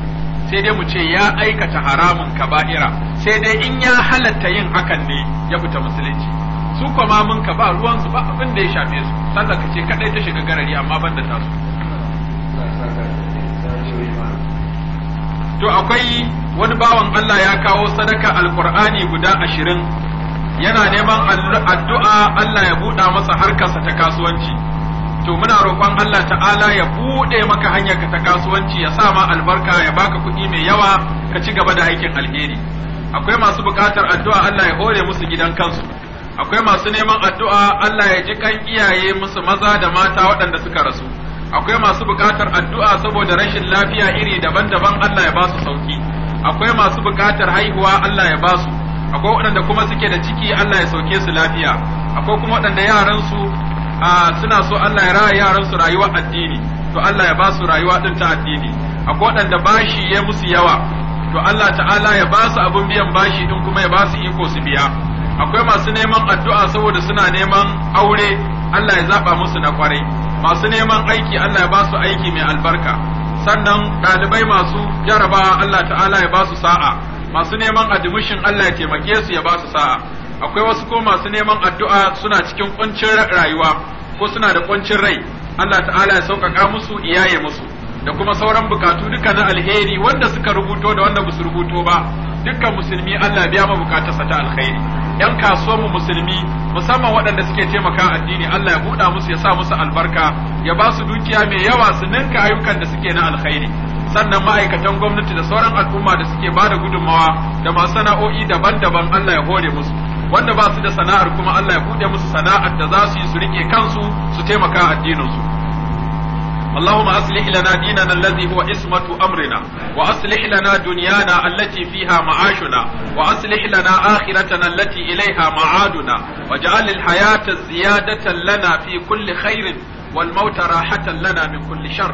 sai dai mu ce ya aikata haramun kaba'ira sai dai in ya halatta yin hakan ne ya fita musulunci su kuma mun ka ba ruwan su ba abin da ya shafe su sallar ka ce kadai ta shiga garari amma ban da tasu to akwai wani bawan Allah ya kawo sadaka alqur'ani guda ashirin yana neman addu'a Allah ya buɗa masa harkarsa ta kasuwanci to muna roƙon Allah ta'ala ya buɗe maka ka ta kasuwanci ya sa ma albarka ya baka kuɗi mai yawa ka ci gaba da aikin alheri akwai masu buƙatar addu'a Allah ya hore musu gidan kansu akwai masu neman addu'a Allah ya ji kan iyaye musu maza da mata waɗanda suka rasu akwai masu buƙatar addu'a saboda rashin lafiya iri daban-daban Allah ya ba su sauki akwai masu buƙatar haihuwa Allah ya ba su akwai waɗanda kuma suke da ciki Allah ya sauke su lafiya akwai kuma waɗanda yaransu suna so Allah ya raya yaransu rayuwa addini to Allah ya ba su rayuwa din ta addini akwai waɗanda bashi ya musu yawa to Allah ta'ala ya ba su abun biyan bashi din kuma ya ba su iko su biya akwai masu neman addu'a saboda suna neman aure Allah ya zaɓa musu na kwarai masu neman aiki Allah ya ba su aiki mai albarka sannan ɗalibai masu jarabawa Allah ta'ala ya ba su sa'a masu neman admission Allah ya taimake su ya ba su sa'a akwai wasu ko masu neman addu'a suna cikin kuncin rayuwa ko suna da kuncin rai Allah ta'ala ya sauƙaƙa musu iyaye musu da kuma sauran bukatu duka na alheri wanda suka rubuto da wanda basu rubuto ba dukkan musulmi Allah biya ma bukatarsa ta alkhairi yan kasuwar mu musulmi musamman waɗanda suke taimaka addini Allah ya buɗa musu ya sa musu albarka ya ba su dukiya mai yawa su ninka ayyukan da suke na alkhairi sannan ma'aikatan gwamnati da sauran al'umma da suke bada gudunmawa da masu sana'o'i daban-daban Allah ya hore musu wanda ba su da sana'ar kuma Allah ya bude musu sana'ar da za su yi su rike kansu su taimaka addinin su اللهم أصلح لنا ديننا الذي هو na أمرنا وأصلح لنا دنيانا التي فيها معاشنا وأصلح لنا آخرتنا التي إليها معادنا واجعل الحياة زيادة لنا في كل خير والموت راحة لنا من كل شر